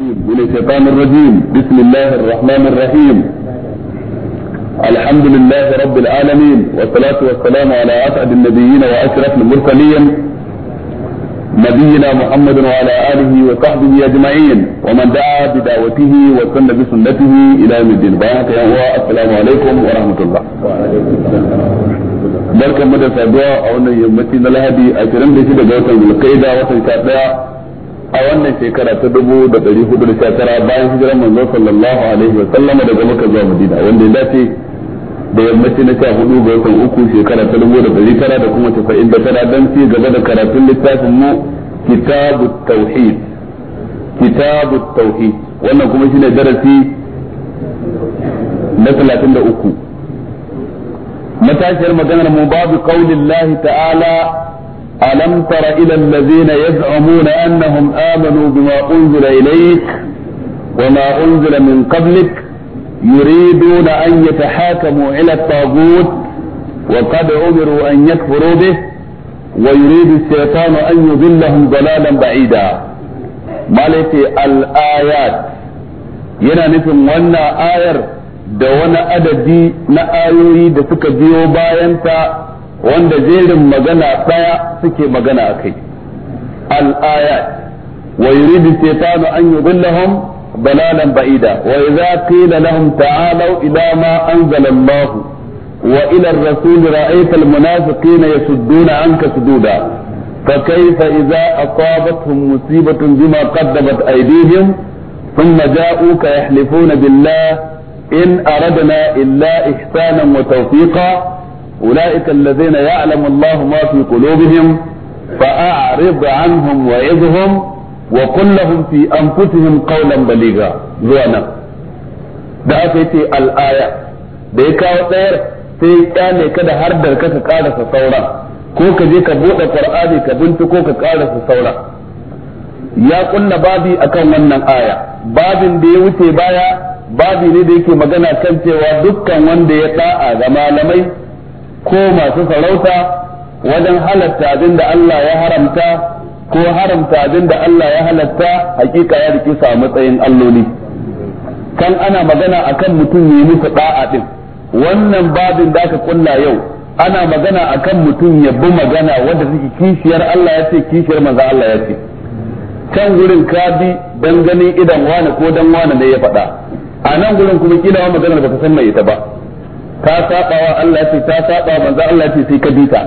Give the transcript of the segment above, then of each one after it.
من الشيطان الرجيم بسم الله الرحمن الرحيم الحمد لله رب العالمين والصلاة والسلام على أسعد النبيين وأشرف المرسلين نبينا محمد وعلى آله وصحبه أجمعين ومن دعا بدعوته وسن بسنته إلى يوم الدين بارك الله السلام عليكم ورحمة الله barkan mu da saduwa a wannan yammaci na lahadi 26 ga watan a wannan shekara ta dubu da ɗari hudu da sha tara bayan hijiran manzo sallallahu alaihi wa sallama daga zuwa madina wanda ya dace da yammaci na sha hudu ga watan uku shekara ta dubu da ɗari tara da kuma da tara don ci gaba da karatun littafin mu kitabu tauhid kitabu tauhid wannan kuma shine darasi na talatin da uku matashiyar maganar mu babu kaulin lahi ta'ala ألم تر إلى الذين يزعمون أنهم آمنوا بما أنزل إليك وما أنزل من قبلك يريدون أن يتحاكموا إلى الطاغوت وقد أمروا أن يكفروا به ويريد الشيطان أن يضلهم ضلالا بعيدا مالك الآيات ينا نسم wannan آير دون wani دي na ayoyi ديوبا ينفع wanda jerin magana daya suke magana akai al-ayat wa yuridu shaytanu an yudillahum dalalan ba'ida wa idza qila lahum ta'alu ila ma anzala Allah wa ila ar-rasul ra'aita al-munafiqina yasudduna anka sududa فكيف إذا أصابتهم مصيبة بما قدمت أيديهم ثم جاءوك يحلفون بالله إن أردنا إلا إحسانا وتوفيقا أولئك الذين يعلم الله ما في قلوبهم فأعرض عنهم وعظهم وقل لهم في أنفسهم قولا بليغا زوانا da aka yi al'aya da ya kawo tsayar sai ya kyale ka da har da ka karasa sauran ko ka je ka buɗe qur'ani ka bintiko ka karasa sauran ya kulla babi akan wannan aya babin da ya wuce baya babi ne da yake magana kan cewa dukkan wanda ya da'a ga malamai ko masu sarauta wajen halatta abin da Allah ya haramta ko haramta abin da Allah ya halatta hakika ya rike sa matsayin alloli kan ana magana akan mutum ya yi musu da'a din wannan babin da aka kulla yau ana magana akan mutum ya bi magana wanda suke kishiyar Allah ya ce kishiyar manzo Allah ya ce kan gurin kabi bi ganin idan wani ko dan wani ne ya faɗa a nan gurin kuma kila maganar ta san mai ita ba ta saba wa Allah ce ta saba manzo Allah ce sai ka bita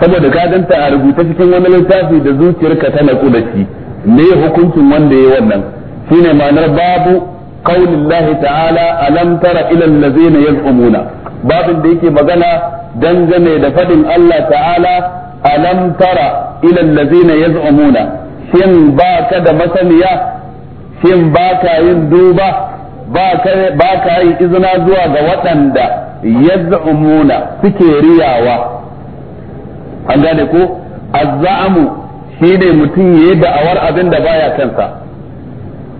saboda ka a rubuta cikin wani littafi da zuciyarka ta naku da shi ne hukuncin wanda yayi wannan shine ma'anar babu qaulillahi ta'ala alam tara ila allazina yaz'umuna babin da yake magana dangane da fadin Allah ta'ala alam tara ila allazina yaz'umuna shin ba da masaniya shin baka yin duba ba ka yin izina zuwa ga waɗanda yaz'umuna suke riyawa an gane ko azzamu shine mutum yayi da'awar abin da baya kansa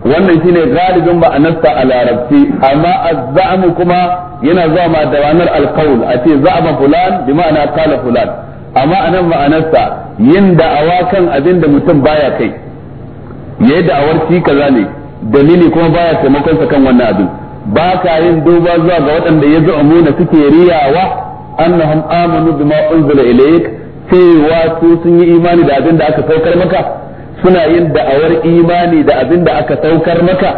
wannan shine galibin ma'anarsa a larabci amma azzamu kuma yana zuwa ma da ranar alqaul a ce za'ama fulan bi ma'ana kala fulan amma anan ma'anarsa yin da'awa kan abin da mutum baya kai yayi da'awar shi kaza ne dalili kuma baya taimakon sa kan wannan abin ba ka yin duba zuwa ga waɗanda ya za'amu da suke riyawa annahum amanu bima unzila ilayk cewa su sun yi imani da abin da aka saukar maka suna yin da'awar imani da abin da aka saukar maka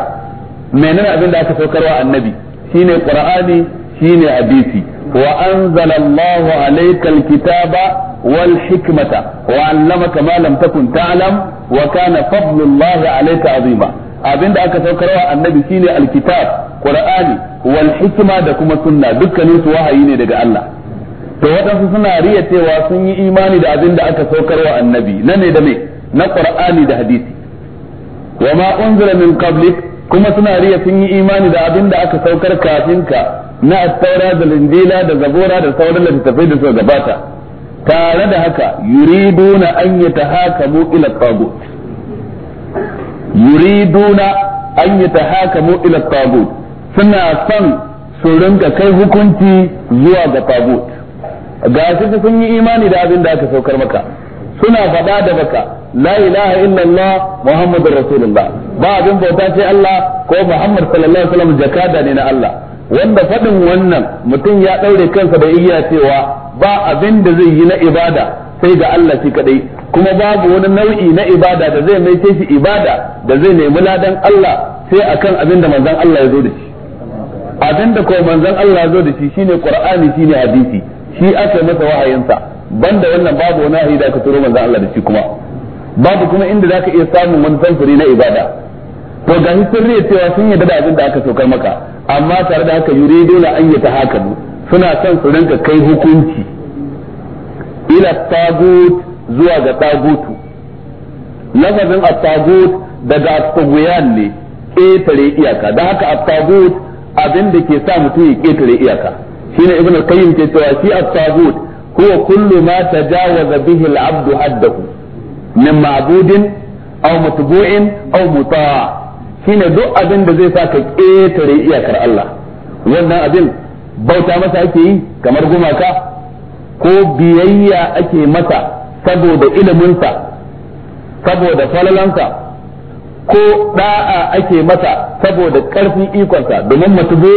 menene abin da aka wa annabi shine qur'ani shine hadisi wa anzala Allahu alaykal alkitaba wal hikmata wa 'allamaka ma lam takun ta'lam wa kana fadlullahi alayka azima abin da aka saukarwa annabi shine alkitab qur'ani wal hikma da kuma sunna dukkanin su wahayi ne daga Allah to waɗansu suna riya cewa sun yi imani da abin da aka saukar wa annabi na ne da me na qur'ani da hadisi wa ma unzila min qablik kuma suna riya sun yi imani da abin da aka saukar kafin ka na attaura da linjila da zabura da sauran littattafai da suka gabata tare da haka yuriduna an yatahakamu ila tagut yuriduna an ila tagut suna son su rinka kai hukunci zuwa ga tagut ga shi sun yi imani da abin da aka saukar maka suna faɗa da baka la ilaha illallah muhammadur rasulullah ba abin bauta sai Allah ko muhammad sallallahu alaihi wasallam jakada ne na Allah wanda faɗin wannan mutum ya ɗaure kansa da igiya cewa ba abin da zai yi na ibada sai ga Allah shi kadai kuma babu wani nau'i na ibada da zai mai shi ibada da zai nemi ladan Allah sai akan abin da manzon Allah ya zo da shi abin da ko manzon Allah zo da shi shine Qur'ani shine hadisi shi aka masa wahayinsa banda wannan babu wani ayi da aka turo manzon Allah da shi kuma babu kuma inda zaka iya samun wani samfuri na ibada to ga sirri cewa sun yarda da abin da aka sauka maka amma tare da haka yuridu la an yata hakamu suna son su ranka kai hukunci ila tagut zuwa ga tagutu lafazin at-tagut daga tagwayan ne ƙetare iyaka da haka at-tagut abin da ke sa mutum ya ketare iyaka shine ibn al-qayyim ke cewa shi at-tagut huwa kullu ma tajawaza bihi al-abdu haddahu min ma'budin aw matbu'in aw muta' shine duk abin da zai sa ka ketare iyakar Allah wannan abin bauta masa ake yi kamar gumaka ko biyayya ake masa saboda iliminsa saboda falalansa ko da'a ake masa saboda karfi ikonsa domin matubu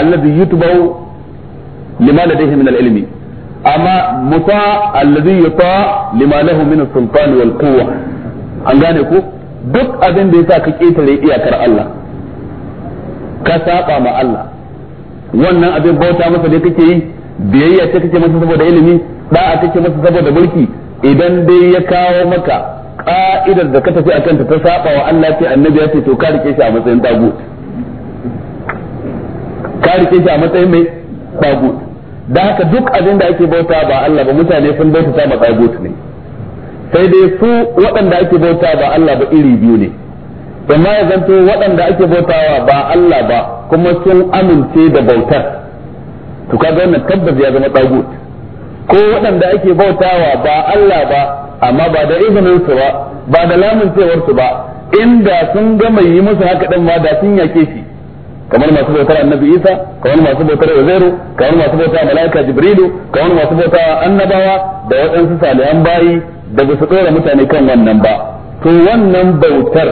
alladhi yutbau lima ladayhi min al-ilmi amma muta allazi yuta lima lahu min as wal quwwa an gane ko duk abin da yasa ka ketare iyakar Allah ka saba ma Allah wannan abin bauta masa da kake yi biyayya ce kake masa saboda ilimi da'a kake masa saboda mulki idan dai ya kawo maka ka'idar da ka tafi a ta ta saba wa Allah ce annabi ya ce to ka rike shi a matsayin dagu ka rike shi a matsayin mai dagu da haka duk abin da ake bauta ba Allah ba mutane sun bauta ta matsagut ne sai dai su waɗanda ake bauta ba Allah ba iri biyu ne amma ya zanto waɗanda ake bautawa ba Allah ba kuma sun amince da bautar to kaga wannan tabbas ya zama dagut ko waɗanda ake bautawa ba Allah ba amma ba da izinin su ba ba da cewar su ba inda sun ga mai yi musu haka din ma da sun yake shi kamar masu bautar annabi isa kamar masu bautar uzairu kamar masu bautar malaika jibrilu kamar masu bautar annabawa da waɗansu salihan bayi da ba su ɗora mutane kan wannan ba to wannan bautar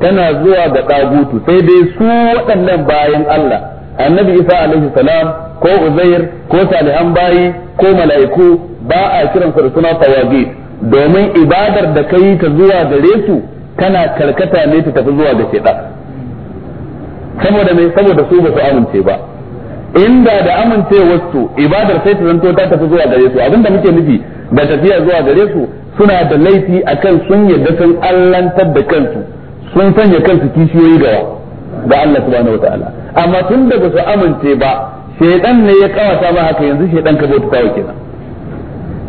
tana zuwa ga ɗagutu sai dai su waɗannan bayan Allah annabi isa alaihi salam ko uzair ko salihan bayi ko mala'iku ba a kiransa da suna tawagi domin ibadar da kai ta zuwa gare su tana karkata ne ta tafi zuwa ga sheda saboda me saboda su ba su amince ba inda da amincewarsu ibadar sai ta zanto ta tafi zuwa gare su abinda muke nufi da tafiya zuwa gare su suna da laifi akan sun yadda sun allantar da kansu sun sanya kansu kishiyoyi gawa ga Allah subhanahu wataala amma tun da su amince ba shedan ne ya kawata ba haka yanzu shedan ka bauta tawa kenan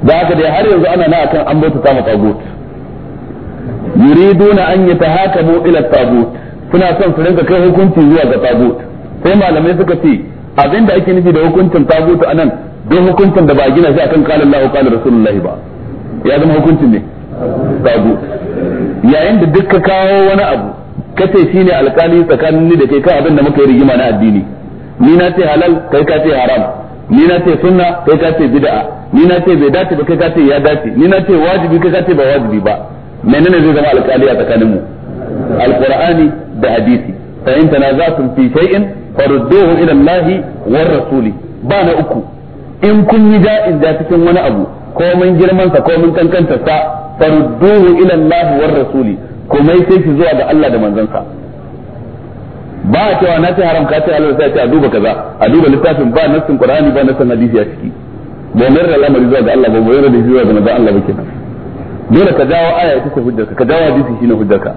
da haka dai har yanzu ana na akan an bauta ta tagut yuriduna an yatahakamu ila tagut suna son su rinka kai hukunci zuwa ga tagut sai malamai suka ce abinda ake nufi da hukuncin tagut anan don hukuncin da ba gina shi akan qala Allahu qala rasulullahi ba ya zama hukuncin ne tagut yayin da duk ka kawo wani abu kace shine alkali tsakanin ni da kai kan abin da muka yi rigima na addini ni na ce halal kai ka ce haram ni na ce sunna kai ka ce bid'a ni na ce bai dace ba kai ka ce ya dace ni na ce wajibi kai ka ce ba wajibi ba menene zai zama alkali a tsakanin mu alqur'ani da hadisi fa in tanazatum fi shay'in farudduhu ila allahi war rasuli ba na uku in kun yi da'in da cikin wani abu ko mun girman sa ko mun kankanta sa farudduhu ila allahi war rasuli komai sai shi zuwa ga Allah da manzansa ba a cewa na ce haram ka ce halal sai a duba kaza a duba littafin ba nassin qur'ani ba nassin hadisi a ciki ba mayar da lamari zuwa ga Allah ba bai mayar da zuwa ga manzon Allah ba kenan dole ka dawo aya ita ce hujjarka ka dawo hadisi shine hujjarka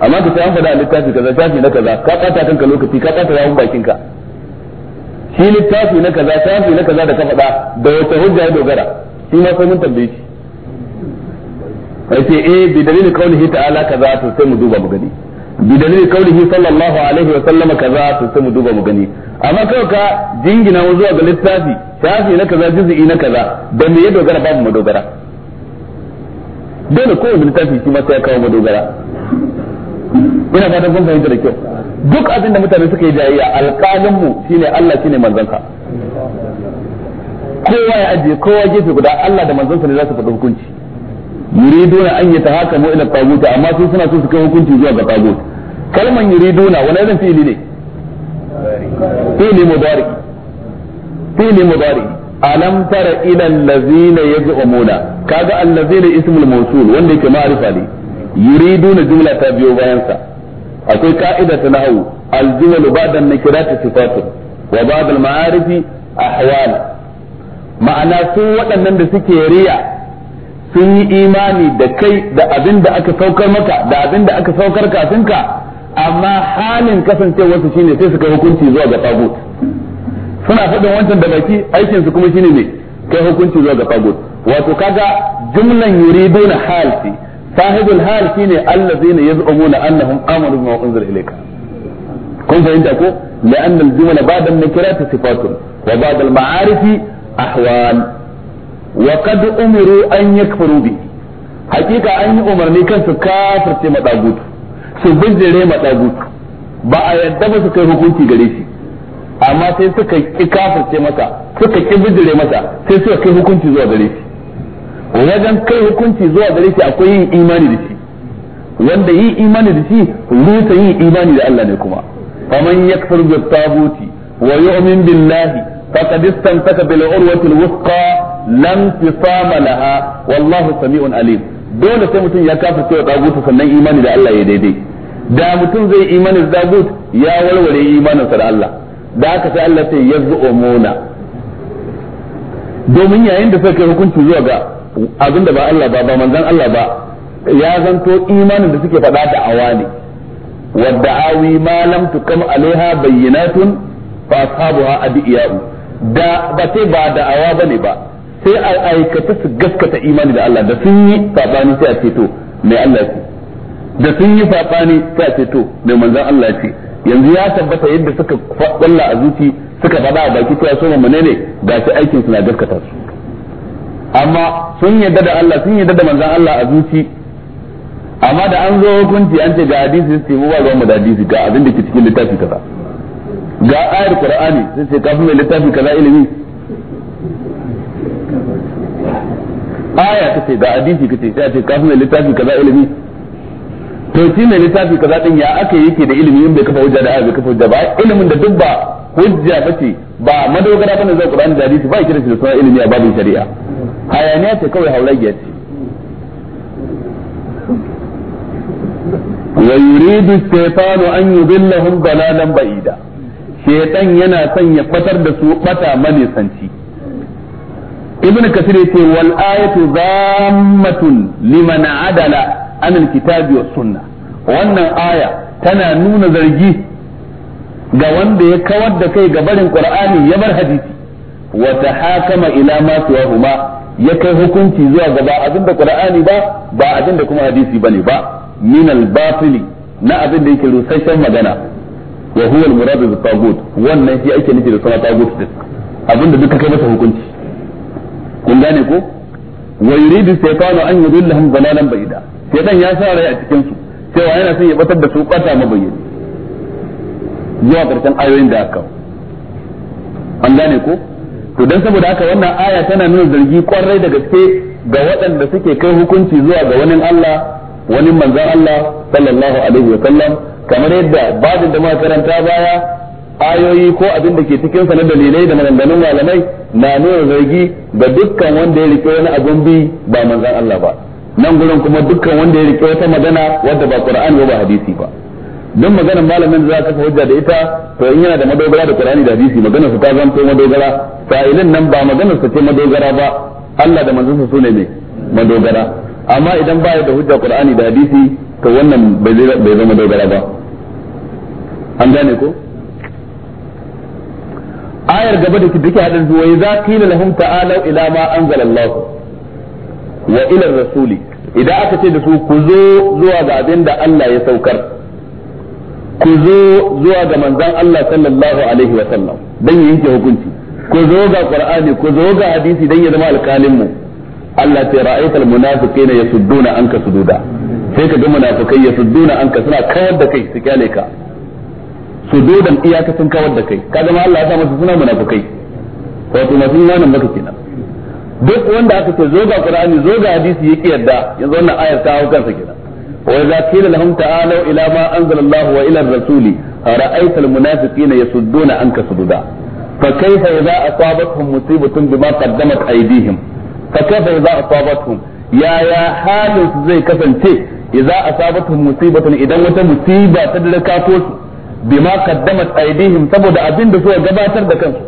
amma ka ce an faɗa littafi kaza tafi na kaza ka ɓata kanka lokaci ka ɓata yawon bakin ka shi littafi na kaza tafi na kaza da ka faɗa da wata hujja ya dogara shi ma sai mun tambaye shi ce eh bi dalilin kaulihi ta'ala kaza to sai mu duba mu gani bi dalilin kaulihi sallallahu alaihi wa sallama kaza to sai mu duba mu gani amma kawai ka jingina mu zuwa ga littafi shafi na kaza juz'i na kaza da me ya dogara babu dogara dole kowane littafi shi ma sai ya kawo dogara ina fatan kun fahimta da kyau duk abin da mutane suka yi jayayya alƙalin mu shine Allah shine ka kowa ya ajiye kowa gefe guda Allah da sa ne za su faɗi hukunci yuriduna an yatahakamu ila tagut amma su suna so su kai hukunci zuwa ga tagut kalman yuriduna wani irin fi'ili ne fi'ili mudari fi'ili mudari alam tara ila allazina yaz'umuna kaga allazina ismul mawsul wanda yake ma'rifa ne yuriduna jumla ta biyo bayan sa akwai ka'ida ta nahwu al-jumlu ba'da an-nakirati sifatun wa ba'da al-ma'arifi ahwal ma'ana su waɗannan da suke riya sun yi imani da kai da abin da aka saukar maka da abin da aka saukar kafinka amma halin kasancewarsu shine sai suka hukunci zuwa ga tagut suna faɗin wancan da baki aikin su kuma shine ne kai hukunci zuwa ga tagut wato kaga jumlan yuriduna hal fi sahibul hal shine allazina yaz'umuna annahum amanu bima unzila ilayka kun fahimta ko la'anna al-jumla ba'da an-nakirati sifatun wa ba'da al-ma'arifi ahwal wa qad umiru an yakfuru bi hakika an yi umarni kan su kafirce madagut su bijire madagut ba a yadda ba su kai hukunci gare shi amma sai suka ki kafirce masa suka ki bijire masa sai suka kai hukunci zuwa gare shi wajen kai hukunci zuwa gare shi akwai yin imani da shi wanda yi imani da shi rusa yi imani da Allah ne kuma faman yakfur bi taguti wa yu'min billahi faqad istamsaka bil urwati al-wuthqa lan fisama laha wallahu sami'un alim dole sai mutum ya kafa cewa dagutu sannan imani da Allah ya daidai da mutum zai imani da dagut ya warware sa da Allah da haka sai Allah sai ya zu'umuna domin yayin da suka kai hukunci zuwa ga abinda ba Allah ba ba manzon Allah ba ya zanto imanin da suke faɗa da awani wadda'awi ma lam tukam alaiha bayyinatun fa ashabuha adiyau da ba sai ba da'awa bane ba sai a aikata su gaskata imani da Allah da sun yi sabani sai a ce to mai Allah ce da sun yi sabani sai a ce to mai manzon Allah ce yanzu ya tabbata yadda suka kwalla a zuci suka faɗa a baki cewa so mu ne ga shi aikin su na gaskata su amma sun yadda da Allah sun yadda da manzon Allah a zuci amma da an zo hukunci an ce ga hadisi sai mu ba ruwan mu da hadisi ga abin da ke cikin littafi kaza ga ayar qur'ani sai ce kafin mai littafi kaza ilimi aya ce ga hadisi ce sai a ce kafin littafi kaza ilimi to shi ne littafi kaza din ya aka yake da ilimi in bai kafa hujja da aya bai kafa hujja ba ilimin da duk ba hujja ce ba madogara bane zai Qur'ani da hadisi ba ya kira shi da sunan ilimi a babin shari'a hayaniya ce kawai haulagiya ce wa yuridu shaytanu an yudillahum dalalan ba'ida shaytan yana son ya fatar da su bata manisanci ibn kasir yace wal ayatu dhammatun liman adala an al kitabi was sunnah wannan aya tana nuna zargi ga wanda ya kawar da kai ga barin qur'ani ya bar hadisi wa tahakama ila ma suwahuma ya kai hukunci zuwa ga ba abin da qur'ani ba ba abin da kuma hadisi bane ba min al batili na abin da yake rusasshen magana wa huwa al murad bi tagut wannan shi ake nufi da sama tagut din da duka kai masa hukunci kun gane ko wa yuridu shaytanu an yudillahum dalalan bayida shaytan ya sa rai a cikin su cewa yana son ya batar da su kwata mabayyana zuwa karshen ayoyin da aka an gane ko to dan saboda haka wannan aya tana nuna zargi kwarai da gaske ga waɗanda suke kai hukunci zuwa ga wani Allah wani manzon Allah sallallahu alaihi wa sallam kamar yadda babin da muka karanta baya ayoyi ko abin da ke cikin sa na dalilai da maganganun malamai na nuna zargi ga dukkan wanda ya rike wani abun bi ba manzon Allah ba nan gurin kuma dukkan wanda ya rike wata magana wadda ba Qur'ani ba hadisi ba don maganar malamin za ka hujja da ita to in yana da madogara da Qur'ani da hadisi maganar su ta zanto madogara fa'ilin nan ba maganar su ce madogara ba Allah da manzon su ne madogara amma idan baya da hujja Qur'ani da hadisi to wannan bai zama madogara ba an gane ko ayar gaba da take hadin zuwa idza qila lahum ta'alu ila ma anzala Allah wa ila rasuli idan aka ce da su ku zo zuwa ga abin da Allah ya saukar ku zo zuwa ga manzon Allah sallallahu alaihi wa sallam dan yanke hukunci ku zo ga qur'ani ku zo ga hadisi dan ya zama alƙalin mu Allah ta ra'aita almunafiqina yasudduna anka sududa sai ka ga munafikai yasudduna anka suna kawar da kai su kyale ka sududan iyaka sun kawar da kai Ka zama Allah ya sa masa suna munafikai wato masu imanin baka kenan duk wanda aka ce zo ga qur'ani zo ga hadisi yake yadda yanzu wannan ayar ta hau kansa kenan wa idza qila lahum ta'alu ila ma anzala Allah wa ila ar-rasul ra'aita al-munafiqina yasudduna anka sududa fa kayfa idza asabatkum musibatun bima qaddamat aydihim fa kayfa idza asabatkum yaya halin zai kasance idza asabatkum musibatun idan wata musiba ta dare ka su bima qaddamat aydihim saboda abin da suka gabatar da kansu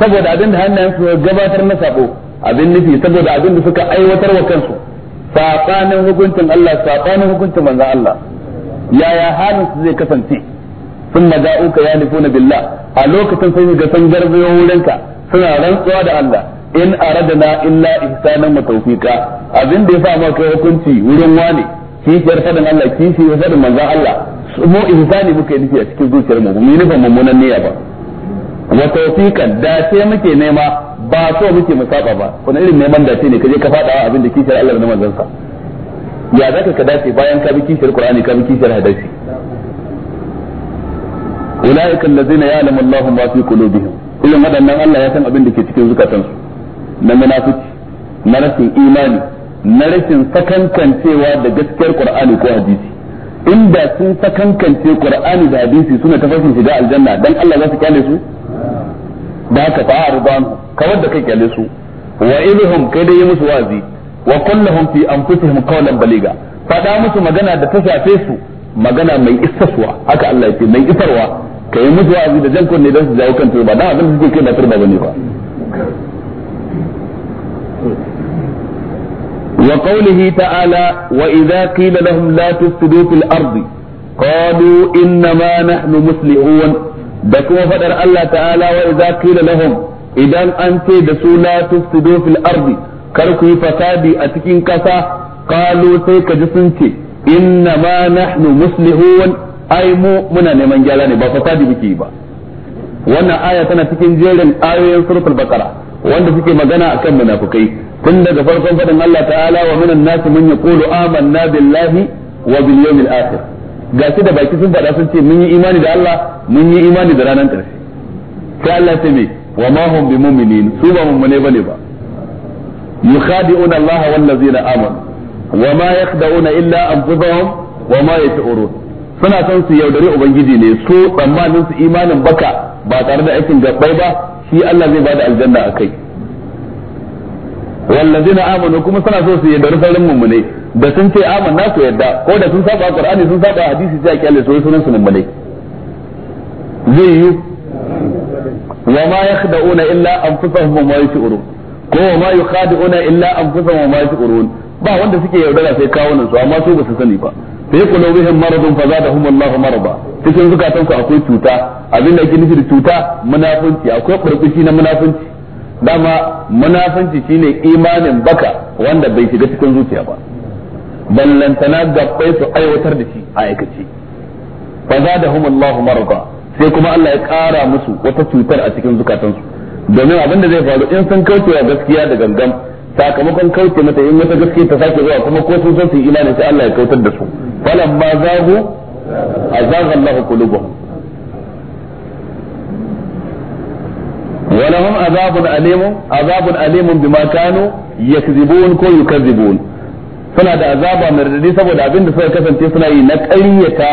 saboda abin da hannayen su gabatar na sabo abin nufi saboda abin da suka aiwatar wa kansu saqanin hukuncin Allah sabanin hukuncin manzon Allah yaya halin su zai kasance sun maja'uka ya nufuna billah a lokacin sai ga san garbiyo wurinka suna rantsuwa da Allah in aradna illa ihsanan wa tawfiqa abin da ya sa maka hukunci wurin wane kishiyar fadin Allah kishiyar fadin manzon Allah mu ihsani muka yi nufi a cikin zuciyar mu mu nufin mummunan niyya ba wa tawfiqan da sai muke nema ba so muke mu saba ba kuma irin neman da sai ne kaje ka fada abin da kishiyar Allah da manzon sa ya zaka ka dace bayan ka bi kishiyar Qur'ani ka bi kishiyar hadisi ulaika ladina ya'lamu Allahu ma fi qulubihim irin waɗannan Allah ya san abin da ke cikin zukatansu na munafici na rashin imani na rashin sakankancewa da gaskiyar Qur'ani ko hadisi inda sun sakankance qur'ani da hadisi suna tafarkin shiga aljanna dan Allah za su kyale su da haka fa arban kawar da kai kyale su wa ilhum kai dai musu wazi wa kullahum fi anfusihim qawlan baliga fada musu magana da ta shafe su magana mai isaswa haka Allah ya ce mai isarwa kai musu wazi da jankon ne dan su jawo kan ba dan abin da suke kai ba turba bane ba وقوله تعالى وإذا قيل لهم لا تفسدوا في الأرض قالوا إنما نحن مسلمون دكما فدر الله تعالى وإذا قيل لهم إذا أنت دسوا لا تفسدوا في الأرض كركوا فسادي أتكين كسا قالوا سيك جسنتي إنما نحن مسلمون أي مو منا نمن جالاني بفسادي بكيبا wannan aya tana cikin jerin ayoyin suratul bakara wanda suke magana akan munafukai tun daga farkon faɗin Allah ta'ala wa minan nasu mun yaqulu amanna billahi wa bil yawmil akhir gashi da baki sun faɗa sun ce mun yi imani da Allah mun yi imani da ranar ƙarshe sai Allah ta me wa ma hum bi mu'minin su ba mu'mine bane ba yukhadi'una Allah wal ladzina amanu wa ma yakhda'una illa anfusahum wa ma yash'urun suna son su yaudare ubangiji ne su tsammanin su imanin baka ba tare da aikin gabbai ba shi Allah zai bada aljanna akai wallazina amanu kuma suna so su yadda sauran mummune da sun ce amanna ku yadda ko da sun saba qur'ani sun saba hadisi sai a kyale su sunan su mummune zai yi wa ma yakhda'una illa anfusahum wa ma yashurun ko wa ma yukhadi'una illa anfusahum wa ma yashurun ba wanda suke yaudara sai kawunan su amma su ba su sani ba sai qulubihim maradun fa fazadahum Allahu marada cikin su akwai cuta abinda ake nufi da cuta munafunci akwai burbushi na munafunci dama munafanci shine imanin baka wanda bai shiga cikin zuciya ba ballantana gabbai su aiwatar da shi a aikace fa zadahum Allahu marqa sai kuma Allah ya kara musu wata cutar a cikin zukatansu domin abin da zai faru in sun wa gaskiya da gangan sakamakon kauce mata in wata gaskiya ta sake zuwa kuma ko sun san su imani sai Allah ya kautar da su falamma zahu azagha Allahu qulubuhum ولهم عذاب أليم عذاب أليم بما كانوا يكذبون كو يكذبون suna da azaba mai radadi saboda abin da suka kasance suna yi na ƙaryata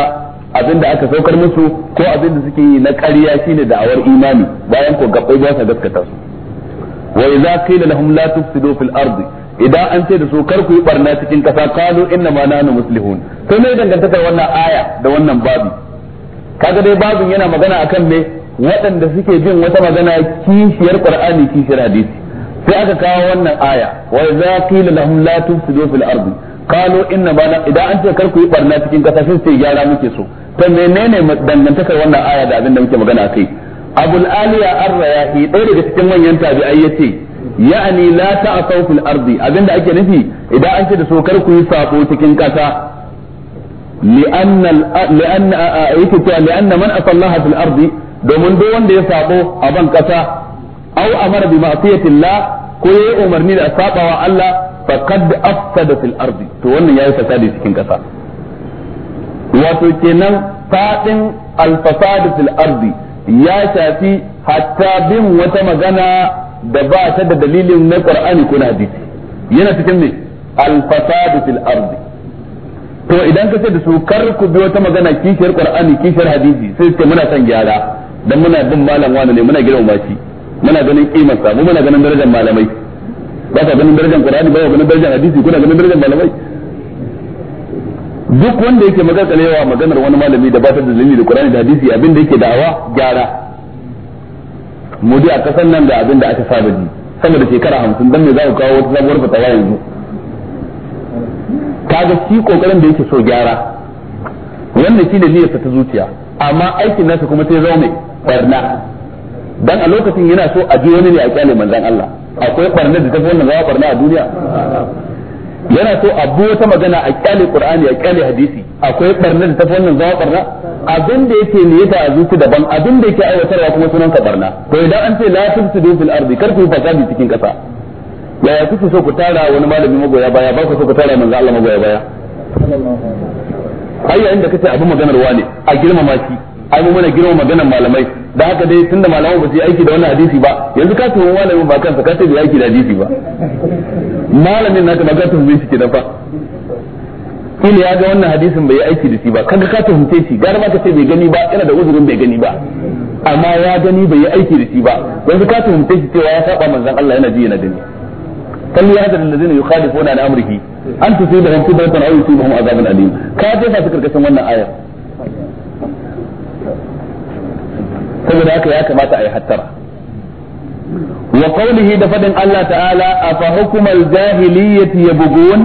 abin da aka saukar musu ko abin da suke yi na ƙarya shine da'awar imani bayan ko gabbai ba sa gaskata su wa idza qila lahum la tufsidu fil ardi idan an ce da su kar ku yi barna cikin kasa qalu inna ma nanu muslihun to ne dangantakar wannan aya da wannan babu kaga dai babin yana magana akan me waɗanda suke bin wata magana kishiyar qur'ani kishiyar hadisi sai aka kawo wannan aya wa idza qila lahum la tufsidu fil ardi qalu inna bana idan an ce kar ku yi barna cikin kasa sai sai gyara muke so to menene dangantakar wannan aya da abin da muke magana kai abul aliya ar-rayahi ɗaya daga cikin manyan tabi'ai yace ya'ani la ta'asaw fil ardi abinda ake nufi idan an ce da so kar ku yi sabo cikin kasa لأن لأن يكتب لأن من أصلها في الأرض domin duk wanda ya sabo a ban kasa au amara bi ma'siyatillah ko yayi umarni da sabawa Allah faqad afsada fil ardi to wannan yayi fasadi cikin kasa wato kenan fadin al fasad fil ardi ya shafi hatta bin wata magana da ba ta da dalilin na Qur'ani ko na hadisi yana cikin ne al fasad fil ardi to idan ka ce da su kar ku bi wata magana kishiyar Qur'ani kishiyar hadisi sai ce muna son gyara dan muna bin malam wani ne muna girmama baki muna ganin kimar sa mu muna ganin darajar malamai ba ka ganin darajar Qur'ani ba ka ganin darajar hadisi kuna ganin darajar malamai duk wanda yake magakalewa maganar wani malami da ba ta da dalili da Qur'ani da hadisi abin da yake da'awa gyara mu dai a kasan nan da abin da aka saba ji sama da shekara hamsin dan me za ku kawo wata sabuwar fatawa yanzu kaga shi kokarin da yake so gyara wannan shi ne niyyarsa ta zuciya amma aikin nasa kuma sai zaune mai barna dan a lokacin yana so a ji wani ne a kyale manzon Allah akwai barna da take wannan zama barna a duniya yana so a bi wata magana a kyale qur'ani a kyale hadisi akwai barna da take wannan zama barna abin da yake ne ta zuci daban abin da yake aiwatarwa kuma sunan ka barna to idan an ce la tufsidu fil ardi kar ku fasadi cikin kasa yaya kuke so ku tara wani malami magoya baya ba ku so ku tara manzon Allah magoya baya ai da kace abin maganarwa ne a girmama shi ai mun mana girma maganar malamai da haka dai tunda malaman ba su yi aiki da wannan hadisi ba yanzu ka tuhumi malamin ba kansa ka tabi aiki da hadisi ba malamin naka ba ka tuhumi shi kenan fa kila ya ga wannan hadisin bai yi aiki da shi ba kaga ka tuhumce shi gara ma ka ce bai gani ba yana da uzurin bai gani ba amma ya gani bai yi aiki da shi ba yanzu ka tuhumce shi cewa ya saba manzon Allah yana ji yana gani kalli ya hadar lazina yukhalifuna an amrihi an tusibahum fitnatun aw yusibahum azabun alim ka je su karkashin wannan ayar saboda haka ya kamata a yi hattara wa qawlihi da fadin Allah ta'ala afa hukmal jahiliyyati yabghun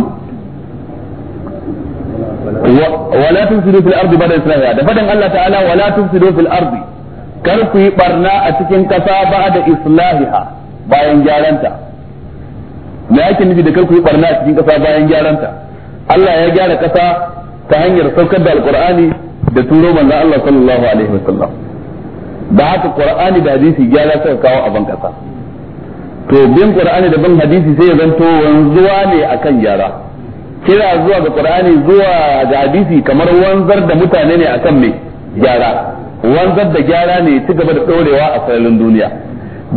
wa la tufsidu fil ardi ba'da islahiha da fadin Allah ta'ala wa la tufsidu fil ardi kar ku yi barna a cikin kasa ba'da islahiha bayan gyaranta me yake nufi da kar ku yi barna a cikin kasa bayan gyaranta Allah ya gyara kasa ta hanyar saukar da alqur'ani da turo manzon Allah sallallahu alaihi wasallam da haka qur'ani da hadisi gyara suka kawo a ban kasa to bin qur'ani da bin hadisi sai ya zanto wanzuwa ne akan gyara kira zuwa ga qur'ani zuwa ga hadisi kamar wanzar da mutane ne akan me gyara wanzar da gyara ne ci gaba da dorewa a sararin duniya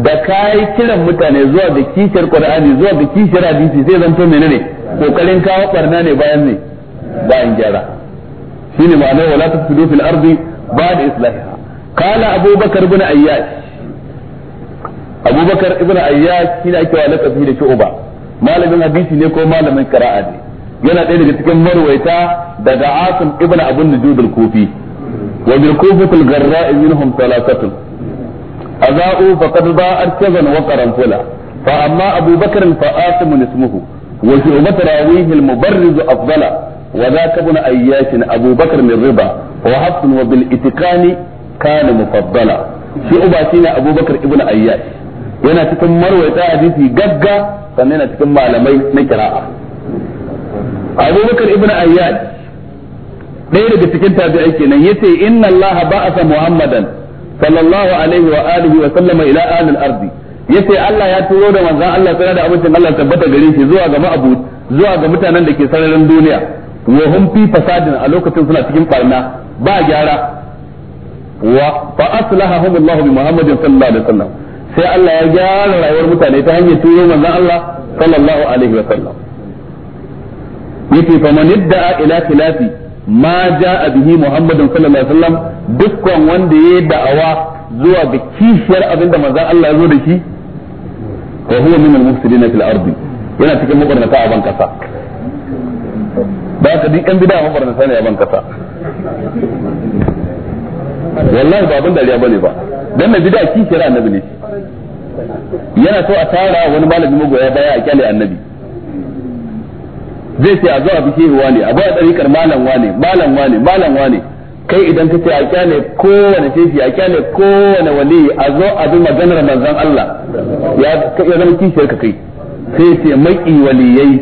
da kai kiran mutane zuwa da kishiyar qur'ani zuwa da kishiyar hadisi sai zanto menene kokarin kawo barna ne bayan ne bayan gyara shine ma'ana wala tafsidu fil ardi ba'da islahiha kala abubakar bin ayyash abubakar ibn ayyash shine ake wa lakabi malamin hadisi ne ko malamin qira'a ne yana ɗaya daga cikin marwaita daga asim ibn abun nujud al-kufi wa bil kufati al-garra'i minhum thalathatun azau faqad ba'at kazan wa qaranfula fa amma abubakar fa asim ismuhu wa shu'bat rawihi al-mubarriz afdala وذاك ابن أياش أبو بكر من ربا وحفص وبالإتقان kana mufaddala shi uba shine abubakar ibnu ayyash yana cikin marwaita hadisi gagga sannan yana cikin malamai na kira'a abubakar ibnu ayyash ɗaya daga cikin tabi'ai kenan yace inna allaha ba'atha muhammadan sallallahu alaihi wa alihi wa sallama ila ahli al-ardi yace Allah ya turo da manzon Allah tsara da abincin Allah tabbata gare shi zuwa ga ma'abu zuwa ga mutanen da ke sararin duniya wa hum fi fasadin a lokacin suna cikin barna ba gyara wa fa aslahahum Allah bi Muhammadin sallallahu alaihi wasallam sai Allah ya gyara rayuwar mutane ta hanyar turo manzon Allah sallallahu alaihi wasallam yake fa man yadda ila khilafi ma ja'a bihi Muhammadin sallallahu alaihi wasallam dukkan wanda ya da'awa zuwa ga kishiyar abinda manzon Allah ya zo da shi wa huwa min al-mufsidina fil ardi yana cikin mabarnata a ban kasa ba ka duk yan bid'a mabarnata ne a ban kasa wallahi ba abin dariya bane ba dan nabi da kin kira annabi ne yana so a tara wani malami magoya baya a kyale annabi zai ce a zo a bishe wane a baya tsarikar malam wane malam wane malam wane kai idan ka ce a kyale kowane shefi a kyale kowane wali a zo a bi maganar manzon Allah ya ya zama kishiyar ka kai sai ce maki waliyai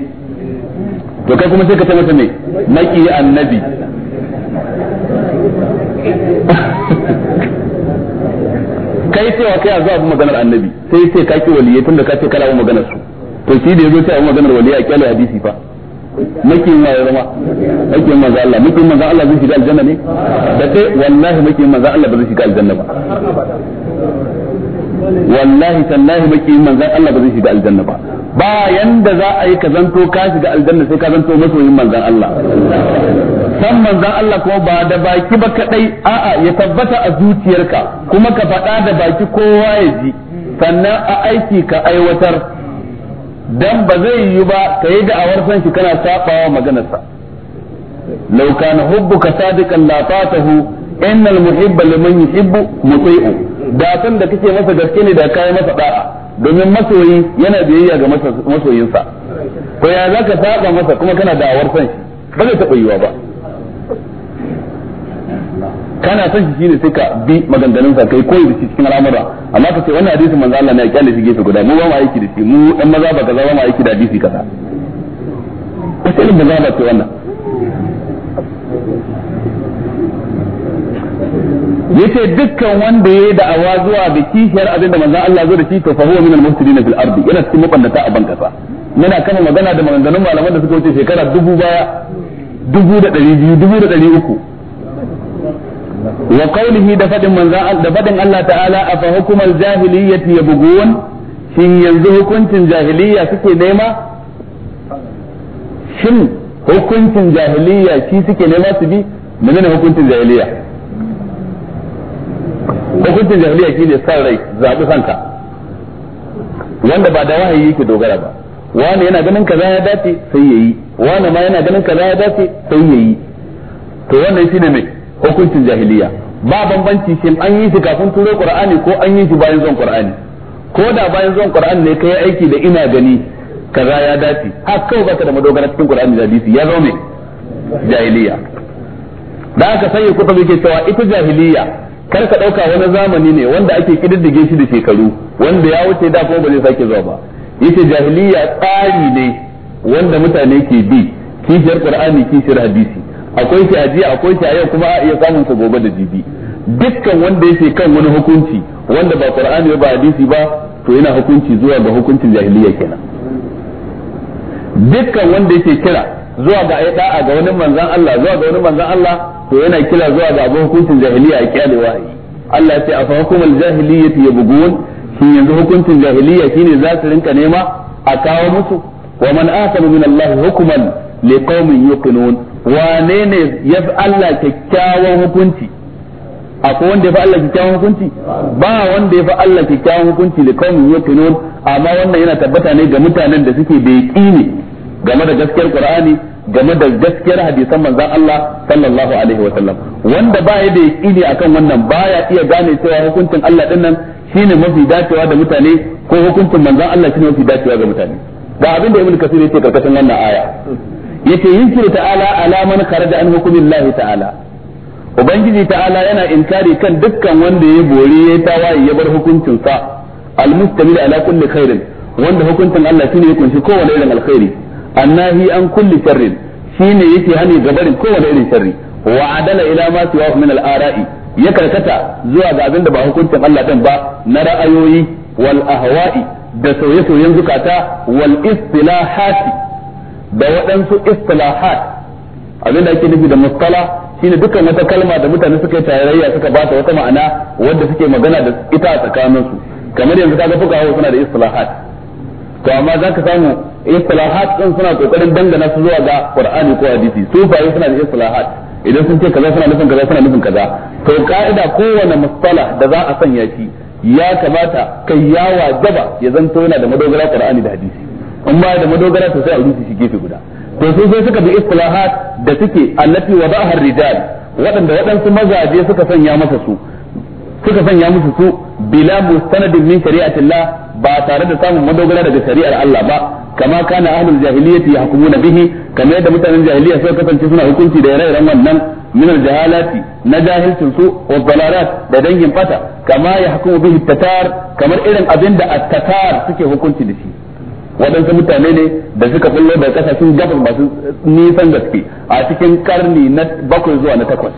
to kai kuma sai ka ce mata ne maki annabi kai cewa kai a zuwa maganar annabi sai sai ka ki waliyai tunda ka ce kana maganar su to shi da yazo sai a maganar waliyai a kyale hadisi fa makiyin wa ya zama makiyin manzo Allah makiyin manzo Allah zai shiga aljanna ne da sai wallahi makiyin manzo Allah ba zai shiga aljanna ba wallahi tallahi makiyin manzo Allah ba zai shiga aljanna ba ba yanda za a yi ka zanto ka shiga aljanna sai ka zanto masoyin manzan Allah san manzon Allah ko ba da baki ba kadai a'a ya tabbata a zuciyarka kuma ka faɗa da baki kowa ya ji sannan a aiki ka aiwatar dan ba zai yi ba ka yi da'awar san shi kana sabawa maganarsa law kana hubbuka sadiqan la fatahu innal muhibba liman yuhibbu muti'u da san da kake masa gaske ne da kai masa da'a domin masoyi yana biyayya ga masoyinsa ko ya za ka saba masa kuma kana da'awar son shi ba zai taɓa yiwa ba kana son shi shine sai ka bi maganganun sa kai koyi da shi cikin al'amura amma ka ce wannan hadisin manzo Allah ne ya kyale shi gefe guda mu ba mu aiki da shi mu dan maza ba kaza ba mu aiki da hadisi kaza ko irin maza ba ce wannan yace dukkan wanda yayi da'awa zuwa ga kishiyar abin da manzon Allah zo da shi to fa huwa minal mufsidin fil ardi yana cikin mabandata a bankasa muna kama magana da maganganun malaman da suka wuce shekara dubu baya dubu da ɗari biyu dubu da ɗari uku wa qawlihi da fadin manzon da fadin Allah ta'ala afa hukumal jahiliyyati yabghun shin yanzu hukuncin jahiliyya suke nema shin hukuncin jahiliyya shi suke nema su bi menene hukuncin jahiliyya hukuncin jahiliya shine san rai zabi kanka wanda ba da wahayi yake dogara ba wani yana ganin kaza ya dace sai yayi wani ma yana ganin kaza ya dace sai yayi to wannan shine mai hukuncin jahiliya ba bambanci shin an yi shi kafin turo qur'ani ko an yi shi bayan zuwan qur'ani ko da bayan zuwan qur'ani ne kai aiki da ina gani kaza ya dace haka ba baka da madogara cikin qur'ani da hadisi ya zo mai jahiliya da aka sanya kutubi ke cewa ita jahiliya kar ka ɗauka wani zamani ne wanda ake kididdige shi da shekaru wanda ya wuce da kuma ba zai sake zuwa ba yace jahiliya tsari ne wanda mutane ke bi kishiyar qur'ani kishiyar hadisi akwai shi aji akwai shi ayo kuma a iya samun ka gobe da jibi dukkan wanda yake kan wani hukunci wanda ba qur'ani ba hadisi ba to yana hukunci zuwa ga hukuncin jahiliya kenan dukkan wanda yake kira zuwa ga ai da'a ga wani manzan Allah zuwa ga wani manzan Allah to yana kila zuwa ga abin hukuncin jahiliya a kyale wahayi Allah ya ce afa hukumul jahiliyyati yabghun shin yanzu hukuncin jahiliya shine za su rinka nema a kawo musu wa man ahsanu min Allah hukuman liqaumin yuqinun wane ne ya fi Allah kyakkyawan hukunci akwai wanda ya fi Allah kyakkyawan hukunci ba wanda ya fi Allah kyakkyawan hukunci liqaumin yuqinun amma wannan yana tabbata ne ga mutanen da suke bai ne game da gaskiyar qur'ani game da gaskiyar hadisan manzon Allah sallallahu alaihi wa sallam wanda baya da yaqini akan wannan baya iya gane cewa hukuncin Allah din nan shine mafi dacewa da mutane ko hukuncin manzon Allah shine mafi dacewa ga mutane ga abin da Ibn Kasir yake karkashin wannan aya yace yinkiru ta'ala ala man kharaja an hukumillahi ta'ala ubangiji ta'ala yana inkari kan dukkan wanda ya bori ya tawaye ya bar hukuncin sa almustamil ala kulli khairin wanda hukuncin Allah shine ya kunshi kowane irin alkhairi annahi an kulli sharrin shine yake hani ga barin kowane irin sharri wa adala ila ma siwa min al ara'i ya karkata zuwa ga da ba hukuncin Allah din ba na ra'ayoyi wal ahwa'i da sauye-sauyen zukata wal istilahati da waɗansu istilahat abinda ake nufi da mustala shine dukkan wata kalma da mutane suka yi tarayya suka bata wata ma'ana wanda suke magana da ita a tsakaninsu kamar yanzu kaga fuka suna da istilahat to amma zaka samu istilahat din suna kokarin dangana su zuwa ga qur'ani ko hadisi sufaye suna da istilahat idan sun ce kaza suna nufin kaza suna nufin kaza to ka'ida kowane mustalah da za a sanya shi ya kamata kai yawa wajaba ya zanto yana da madogara qur'ani da hadisi in ba da madogara to sai a rufe shi gefe guda to sun sai suka bi istilahat da suke allati wada'aha rijal waɗanda waɗansu mazaje suka sanya masa su suka sanya musu su bila mustanadin min shari'atillah ba tare da samun madogara daga shari'ar Allah ba kama kana ahlul jahiliyyati yahkumuna bihi kamar yadda mutanen jahiliya suka kasance suna hukunci da ire-iren wannan min aljahalati na jahilcin su wa da dangin fata kama yahkumu bihi tatar kamar irin abinda at-tatar suke hukunci da shi waɗansu mutane ne da suka bullo da sun gafar masu nisan gaske a cikin karni na bakwai zuwa na takwas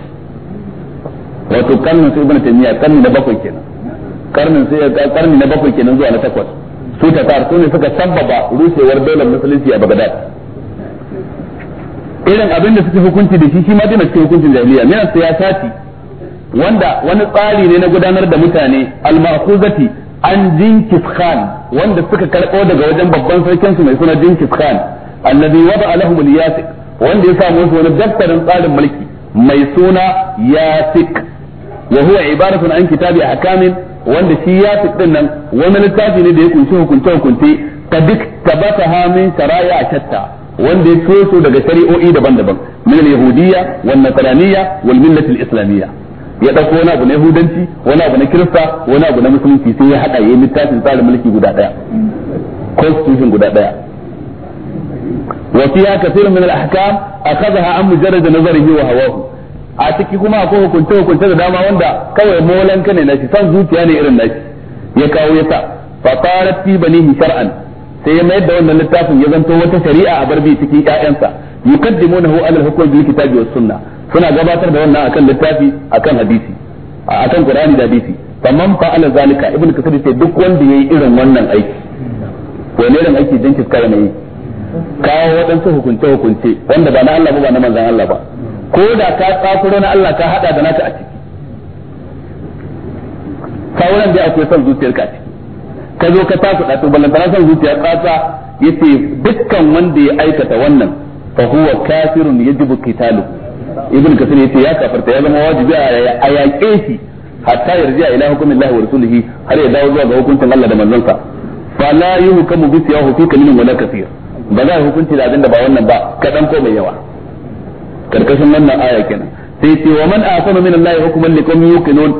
wato karnin su ibn taymiya karni na bakwai kenan karnin sai karni na bakwai kenan zuwa na takwas su tatar su ne suka sabbaba rusewar daular musulunci a irin abin da suke hukunci da shi shi ma dina cikin hukuncin jahiliya mina siyasati wanda wani tsari ne na gudanar da mutane al-ma'khuzati an Jinkis Khan wanda suka karbo daga wajen babban sarkin su mai suna Jinkis Khan alladhi wada lahum al-yasik wanda ya samu su wani daftarin tsarin mulki mai suna yasik wa huwa ibaratun an kitabi ahkamin wanda shi ya fi din nan wani littafi ne da ya kunshi hukunce hukunce ta duk tabata ha min sharaya shatta wanda ya toso daga shari'o'i daban-daban min yahudiyya wan nasraniyya wal millati al-islamiyya ya dauko wani abu na yahudanci wani abu na kirista wani abu na musulunci sai ya hada yayin littafin tsarin mulki guda daya constitution guda daya wa fiha kathirun min al-ahkam akhadha an mujarrad nazarihi wa hawahu a ciki kuma akwai hukunce hukunce da dama wanda kawai molan ka ne nashi san zuciya ne irin nashi ya kawo ya sa fa tarat fi bani shar'an sai ya mayar da wannan littafin ya zanto wata shari'a a barbi cikin ƴaƴansa yuqaddimunahu ala al-hukm bil kitabi was sunna suna gabatar da wannan akan littafi akan hadisi akan qur'ani da hadisi fa ala zalika ibnu kasir ce duk wanda yayi irin wannan aiki ne irin aiki dinki kai ne kawo wadansu hukunce hukunce wanda ba na Allah ba ba na manzon Allah ba ko da ka tsakuro na Allah ka hada da naka a ciki sauran dai akwai son zuciyar a ciki ka zo ka taku da to ballantana son zuciya tsatsa yace dukkan wanda ya aikata wannan fa huwa kafirun yajibu qitalu ibn kasir yace ya kafarta ya zama wajibi a yaƙe shi hatta yarji ila hukumin Allah wa rasulihi har ya dawo zuwa ga hukuncin Allah da manzonsa fala yuhkamu bi siyahu fi kalimin wala kafir ba za a hukunci da abin da ba wannan ba kadan ko mai yawa karkashin wannan aya kenan sai ce wa man asama min Allah hukman liqawmin yuqinun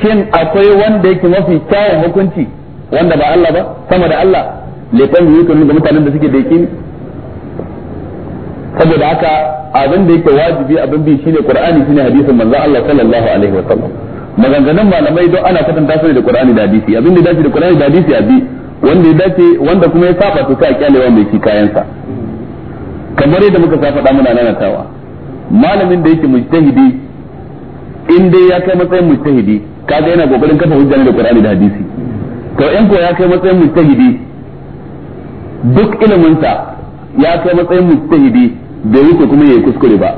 shin akwai wanda yake mafi kyawun hukunci wanda ba Allah ba sama da Allah liqawmin yuqinun ga mutanen da suke da yaqini saboda haka abin da yake wajibi abin bi shine Qur'ani shine hadisin manzo Allah sallallahu alaihi wa sallam maganganun malamai don ana kwatanta su da Qur'ani da hadisi abin da dace da Qur'ani da hadisi abi bi wanda ya dace wanda kuma ya saba to sai a kyalewa mai shi kayansa kamar yadda muka sa faɗa muna nanatawa malamin da yake mujtahidi in dai ya kai matsayin mujtahidi kaga yana kokarin kafa hujja ne da Qur'ani da hadisi to in ko ya kai matsayin mujtahidi duk iliminsa ya kai matsayin mujtahidi bai wuce kuma yayi kuskure ba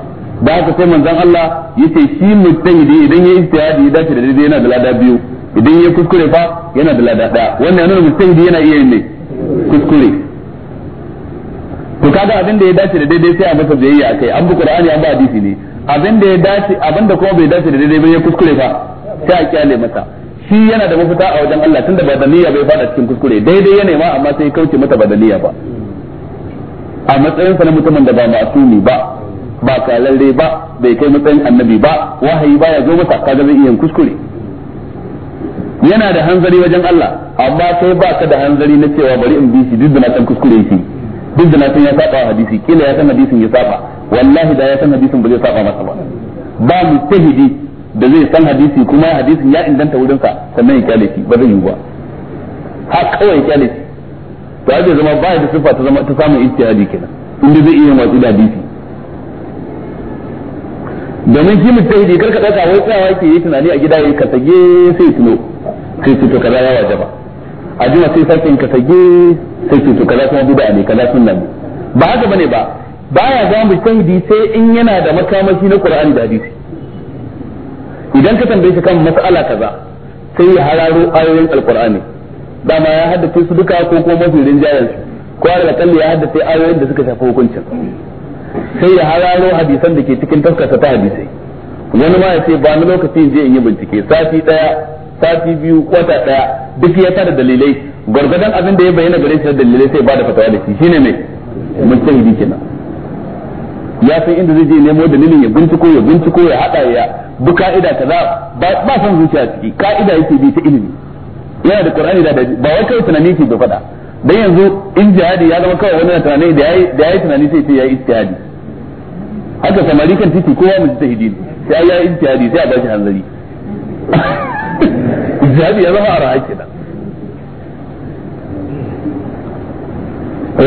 ba ka sai manzon Allah yace shi mujtahidi idan yayi ijtihadi ya dace da dai yana da lada biyu idan yayi kuskure ba yana da lada daya wannan yana mujtahidi yana iya yin ne kuskure to kaga abin da ya dace da daidai sai a masa biyayya kai an bi qur'ani an ba hadisi ne abin da ya dace abin da kuma bai dace da daidai ba ya kuskure fa sai a kyale masa shi yana da mafita a wajen Allah tunda ba daliya bai fada cikin kuskure daidai ya nema amma sai kauce mata ba daliya ba a matsayin sa na mutumin da ba masumi ba ba kalalle ba bai kai matsayin annabi ba wahayi ba ya zo masa kaga zai iya kuskure yana da hanzari wajen Allah amma kai ba ka da hanzari na cewa bari in bi shi duk da na san kuskure yake duk da na san ya saba hadisi kila ya san hadisin ya saba wallahi da ya san hadisin ba zai saba masa ba ba mu tahidi da zai san hadisi kuma hadisin ya inganta wurin sa sannan ya kyale shi ba zai yi ba ha kawai ya kyale shi to aje zama ba da sifa ta zama ta samu ijtihadi kenan inda zai iya watsi da hadisi domin shi mujtahidi karka daka wai tsawa yake yi tunani a gida yayi kasage sai tuno sai to kaza ya wajaba a jima sai sarkin ka tage sai ce to kaza kuma bid'a ne kaza sunna ne ba haka bane ba baya ga mujtahidi sai in yana da makamashi na Qur'ani da hadisi idan ka tambaye shi kan mas'ala kaza sai ya hararo ayoyin alqur'ani dama ya haddace su duka ko kuma mafi rinjayen su ko da kalli ya haddace ayoyin da suka shafi hukuncin sai ya hararo hadisan da ke cikin taskarsa ta hadisai wani ma ya ce ba ni lokacin je in yi bincike sati daya sati biyu wata daya duk ya tada dalilai gwargwadon abin da ya bayyana gare shi dalilai sai ba da fatawa da shi shine mai mujtahidi kenan ya san inda zai je nemo dalilin ya binciko ya binciko ya hada ya bi ka'ida kaza ba san zuciya ciki ka'ida yake bi ta ilimi yana da qur'ani da ba wai kai tunani yake da fada dan yanzu in jihadi ya zama kawai wani tunani da yayi da yayi tunani sai sai yayi istihadi haka samari kan titi kowa hidin sai yayi istihadi sai a bashi hanzari jihadi ya zama araha da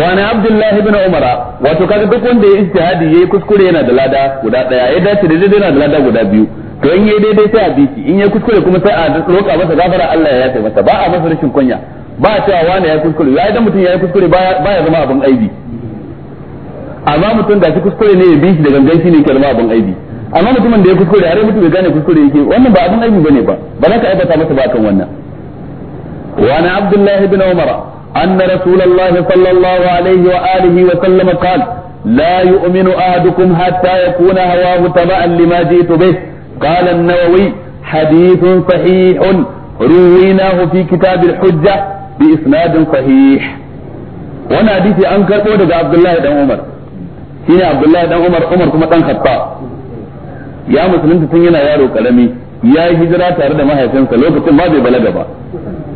wani abdullahi bin umara wato kaga duk wanda ya ijtihadi yayi kuskure yana da lada guda daya ya dace da daidai yana da lada guda biyu to in yayi daidai sai a biki in yayi kuskure kuma sai a roƙa masa gafara Allah ya yafe masa ba a masa rashin kunya ba a cewa wani ya kuskure ya idan mutum ya yi kuskure ba ya zama abin aibi amma mutum da shi kuskure ne ya bi shi da gangan shi ne ke zama abin aibi amma mutumin da ya kuskure a rai mutum ya gane kuskure yake wannan ba abin aiki bane ba ba za ka aibata masa ba kan wannan wa na abdullahi bin umar anna rasulullahi sallallahu alaihi wa alihi wa sallam qal la yu'minu ahadukum hatta yakuna hawahu tabaan lima jitu bih qala an-nawawi hadithun sahihun ruwinahu fi kitab hujja bi isnadin sahih wannan hadisi an karbo daga abdullahi dan umar shine abdullahi dan umar umar kuma ɗan khattab ya musulunta tun yana yaro karami ya yi hijira tare da mahaifinsa lokacin ma bai balaga ba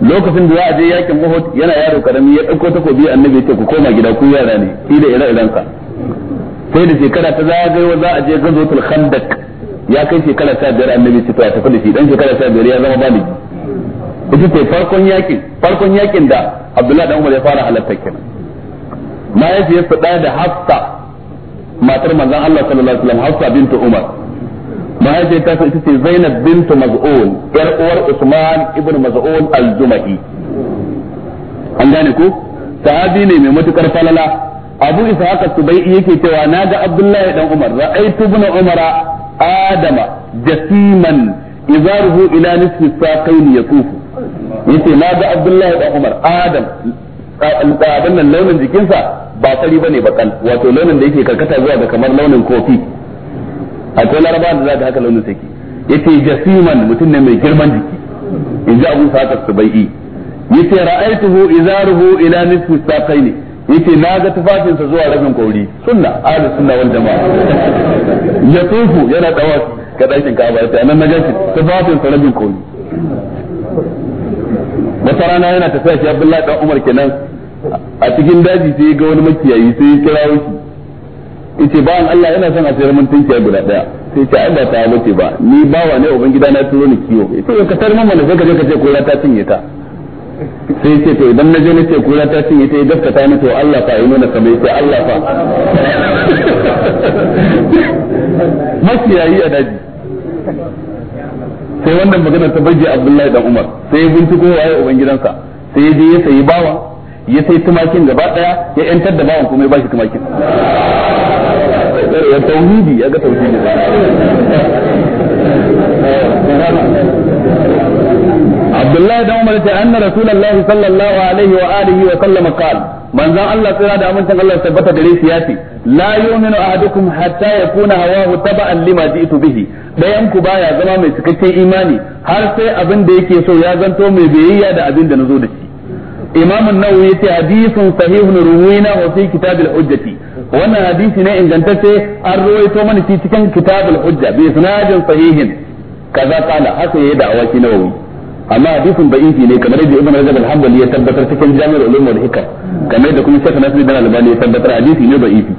lokacin da za a je yakin Uhud yana yaro karami ya dauko takobi annabi ce ku koma gida ku yara ne shi da ire-irensa sai da shekara ta zagayo za a je gazotul khandak ya kai shekara ta biyar annabi ce ta ya tafi da shi dan shekara ta biyar ya zama baligi ita ce farkon yakin farkon yakin da Abdullahi dan Umar ya fara halatta kenan mahaifiyarsa ɗaya da Hafsa matar manzon Allah sallallahu alaihi wasallam Hafsa bintu Umar mahaifiyar ta ita ce Zainab bintu Maz'un yar uwar Usman ibn Maz'un al-Jumahi an gane ko sahabi ne mai matukar falala Abu Ishaq as-Subai'i yake cewa naga Abdullahi dan Umar ra'aytu ibn Umara Adama jasiman izaruhu ila nisfi saqayn yatufu yace naga Abdullahi dan Umar Adam abin nan launin jikinsa ba fari bane bakal wato launin da yake karkata zuwa ga kamar launin kofi akwai laraba da zaka haka launin ya yace jasiman mutum ne mai girman jiki in ji abu sa'ad ya yace ra'aituhu izaruhu ila nisfi Ya ce na ga tufafinsa zuwa rabin kauri sunna ahlus sunna wani jamaa ya tufu yana dawa ga dakin kaba yace nan na ga tufafinsa rabin kauri wata rana yana tafiya shi Abdullahi dan Umar kenan a cikin daji sai ga wani makiyayi sai ya kira. shi yace bayan Allah yana son a sayar mun tunkiya guda daya sai ce ai ba ta bace ba ni bawa ne uban gida na turo ni kiyo yace ka tar mun mana sai ka je ka ce kura ta cinye ta sai yace to idan na je ne ce kura ta cinye ta ya gaskata ni to Allah fa yi nuna kamar sai Allah fa yayi a daji sai wannan magana ta baje Abdullahi dan Umar sai ya binciko waye uban gidansa sai ya je ya sayi bawa ya sai tumakin gaba daya ya yantar da bawan kuma ya bashi tumakin ya tauhidi ya ga Abdullahi dan Umar ta anna Rasulullahi sallallahu alaihi wa wa sallam qala manzon Allah tsira da amincin Allah tabbata gare shi yace la yu'minu ahadukum hatta yakuna hawahu taba'an lima ji'tu bihi dayan ku baya zama mai cikakken imani har sai abin da yake so ya zanto mai biyayya da abin da nazo da shi Imam an-Nawawi yace hadithun sahihun ruwina wa fi kitab al-hujjati wannan hadisi ne ingantacce an ruwaito mana shi cikin kitabul hujja bi isnadin sahihin kaza kana haka yayi da'awa shi nawawi amma hadisin da'ifi ne kamar yadda ibn rajab al-hanbali ya tabbatar cikin jami'ul ulum wal hikam kamar da kuma shekh nasir bin albani ya tabbatar hadisi ne da'ifi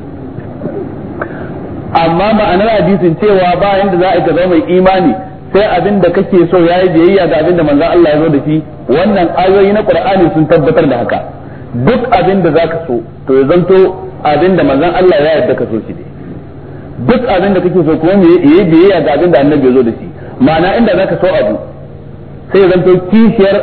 amma ma'anar hadisin cewa ba yanda za a ka zama mai imani sai abin da kake so yayi biyayya ga abin da manzon Allah ya zo da shi wannan ayoyi na Qur'ani sun tabbatar da haka duk abin da zaka so to ya zanto abin da manzon Allah ya yarda ka so shi ne duk abin da kake so kuma me yayi biyayya ga abin da annabi ya zo da shi ma'ana inda zaka so abu sai ya zanto kishiyar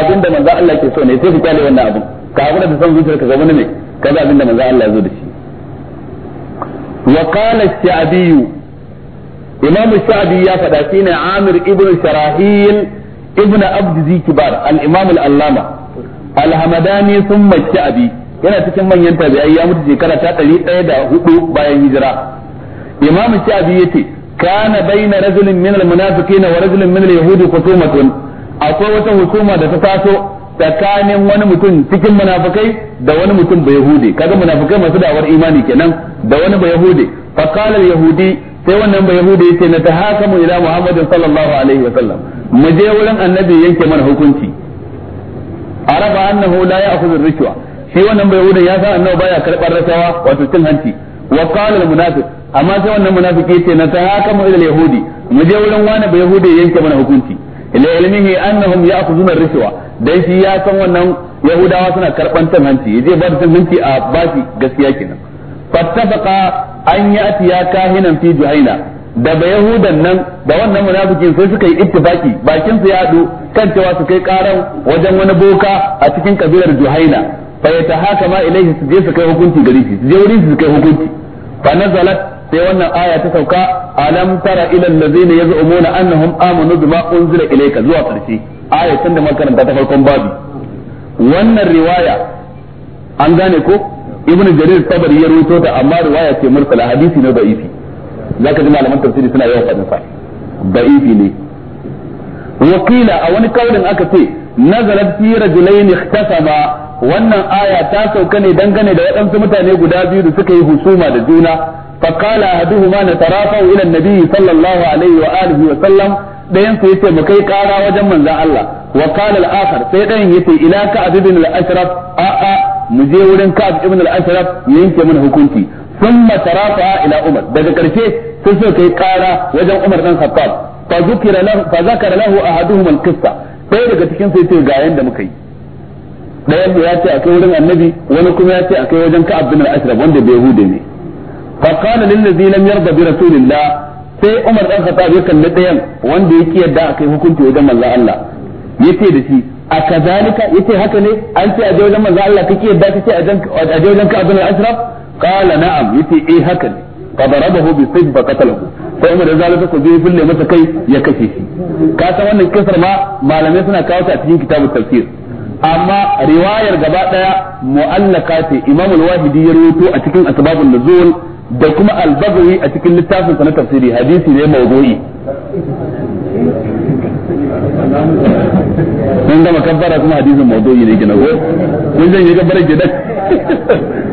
abin da manzon Allah ke so ne sai ka kyale wannan abin ka abu da san zuciyarka ga wani ne kaza abin da manzon Allah ya zo da shi wa qala ash-sha'bi imam ash-sha'bi ya faɗa shine Amir ibn Sharahil ibn Abd Zikibar al-imam al-allama alhamadani sun mace abi yana cikin manyan tabi'ai ya mutu shekara ta ɗari ɗaya da hudu bayan hijira imamu abi ya ce kana baina rajulin min almunafiqin wa rajulin min alyahudi khusumatun akwai wata hukuma da ta taso tsakanin wani mutum cikin munafikai da wani mutum ba yahudi kaga munafikai masu da'awar imani kenan da wani ba yahudi fa qala yahudi sai wannan ba yahudi yace na tahakamu ila muhammadin sallallahu alaihi wa sallam mu je wurin annabi yanke mana hukunci arafa annahu la ya'khudhu ar-rishwa shi wannan bai wuda ya san annahu baya karbar rasawa wato cin hanci wa qala al-munafiq amma sai wannan munafiki yace na ta mu ila yahudi mu je wurin wani bai yahudi yanke mana hukunci ila ilmihi annahum ya'khudhuna ar-rishwa dai shi ya san wannan yahudawa suna karban cin hanci yaje ba cin hanci a bashi gaskiya kenan fattafaqa an ya'tiya kahinan fi juhaina da yahudan nan da wannan munafikin sai suka yi ittifaki bakin su ya hadu kan cewa su kai karan wajen wani boka a cikin kabilar juhaina fa ya tahakama ilaihi su je su kai hukunci gari shi su je wurin su kai hukunci fa nazalat sai wannan aya ta sauka alam tara ila allazina yaz'umuna annahum amanu bima unzila ilayka zuwa karshe aya tun da makaranta ta farkon babu wannan riwaya an gane ko ibnu jarir tabari ya rubuto ta amma riwaya ce mursala hadisi na da'ifi zaka ji malaman tafsiri suna yawan faɗin sa da'ifi ne wakila a wani kaurin aka ce nazarar fi rajulayn ikhtasama wannan aya ta sauka ne dangane da waɗansu mutane guda biyu da suka yi husuma da juna فقال أحدهما نترافع إلى النبي صلى الله عليه wa sallam ɗayan su yace mu kai ƙara wajen manzon Allah wa qala al-akhar sai ɗayan yace ila ka ibn al-ashraf a a mu je wurin ka ibn al-ashraf yanke mana hukunci ثم ترافع الى عمر daga karshe sun so kai kara wajen Umar dan Khattab fa zukira lahu fa zakara lahu ahaduhum al sai daga cikin sai ga yanda muka yi dayan ya ce akai wurin annabi wani kuma ya ce akai wajen Ka'ab bin al-Ashraf wanda bai hude ne fa qala lil ladhi lam yarda bi rasulillah sai Umar dan Khattab ya kalli dayan wanda ya yake yadda akai hukunci wajen manzon Allah yace da shi a kazalika yace haka ne an ce a je wajen manzon Allah kake yadda kace a je wajen Ka'ab bin al-Ashraf قال نعم يتي ايه هكذا فضربه بسيف فقتله فعمر يزال لك وزيه في اللي مسا كي يكشيه كاسا وانا كسر ما ما لم يسنا كاوتا تجين كتاب التفسير اما رواية الغباطة مؤلقات امام الواحد يرويتو اتكين اسباب النزول دكما البغوي اتكين لتاف سنة تفسيري حديثي ليه موضوعي عندما كبر اسمه حديث موضوعي ليه جنوه وزن يكبر جدك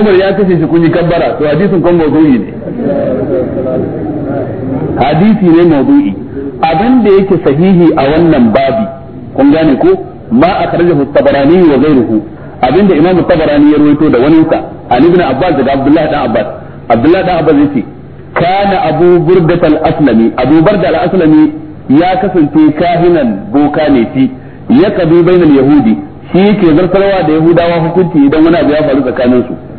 Umar ya kashe shi kun yi kabbara to hadisin kon mawdu'i ne hadisi ne mawdu'i abin da yake sahihi a wannan babi kun gane ko ma akhrajahu at-Tabarani wa ghayruhu abinda Imam at-Tabarani ya rawaito da wani sa Ali ibn Abbas da Abdullah ibn Abbas Abdullah ibn Abbas yace kana Abu Burda al-Aslami Abu Burda al-Aslami ya kasance kahinan boka ne shi ya kabi bainal yahudi shi yake zartarwa da yahudawa hukunci idan wani abu ya faru tsakaninsu su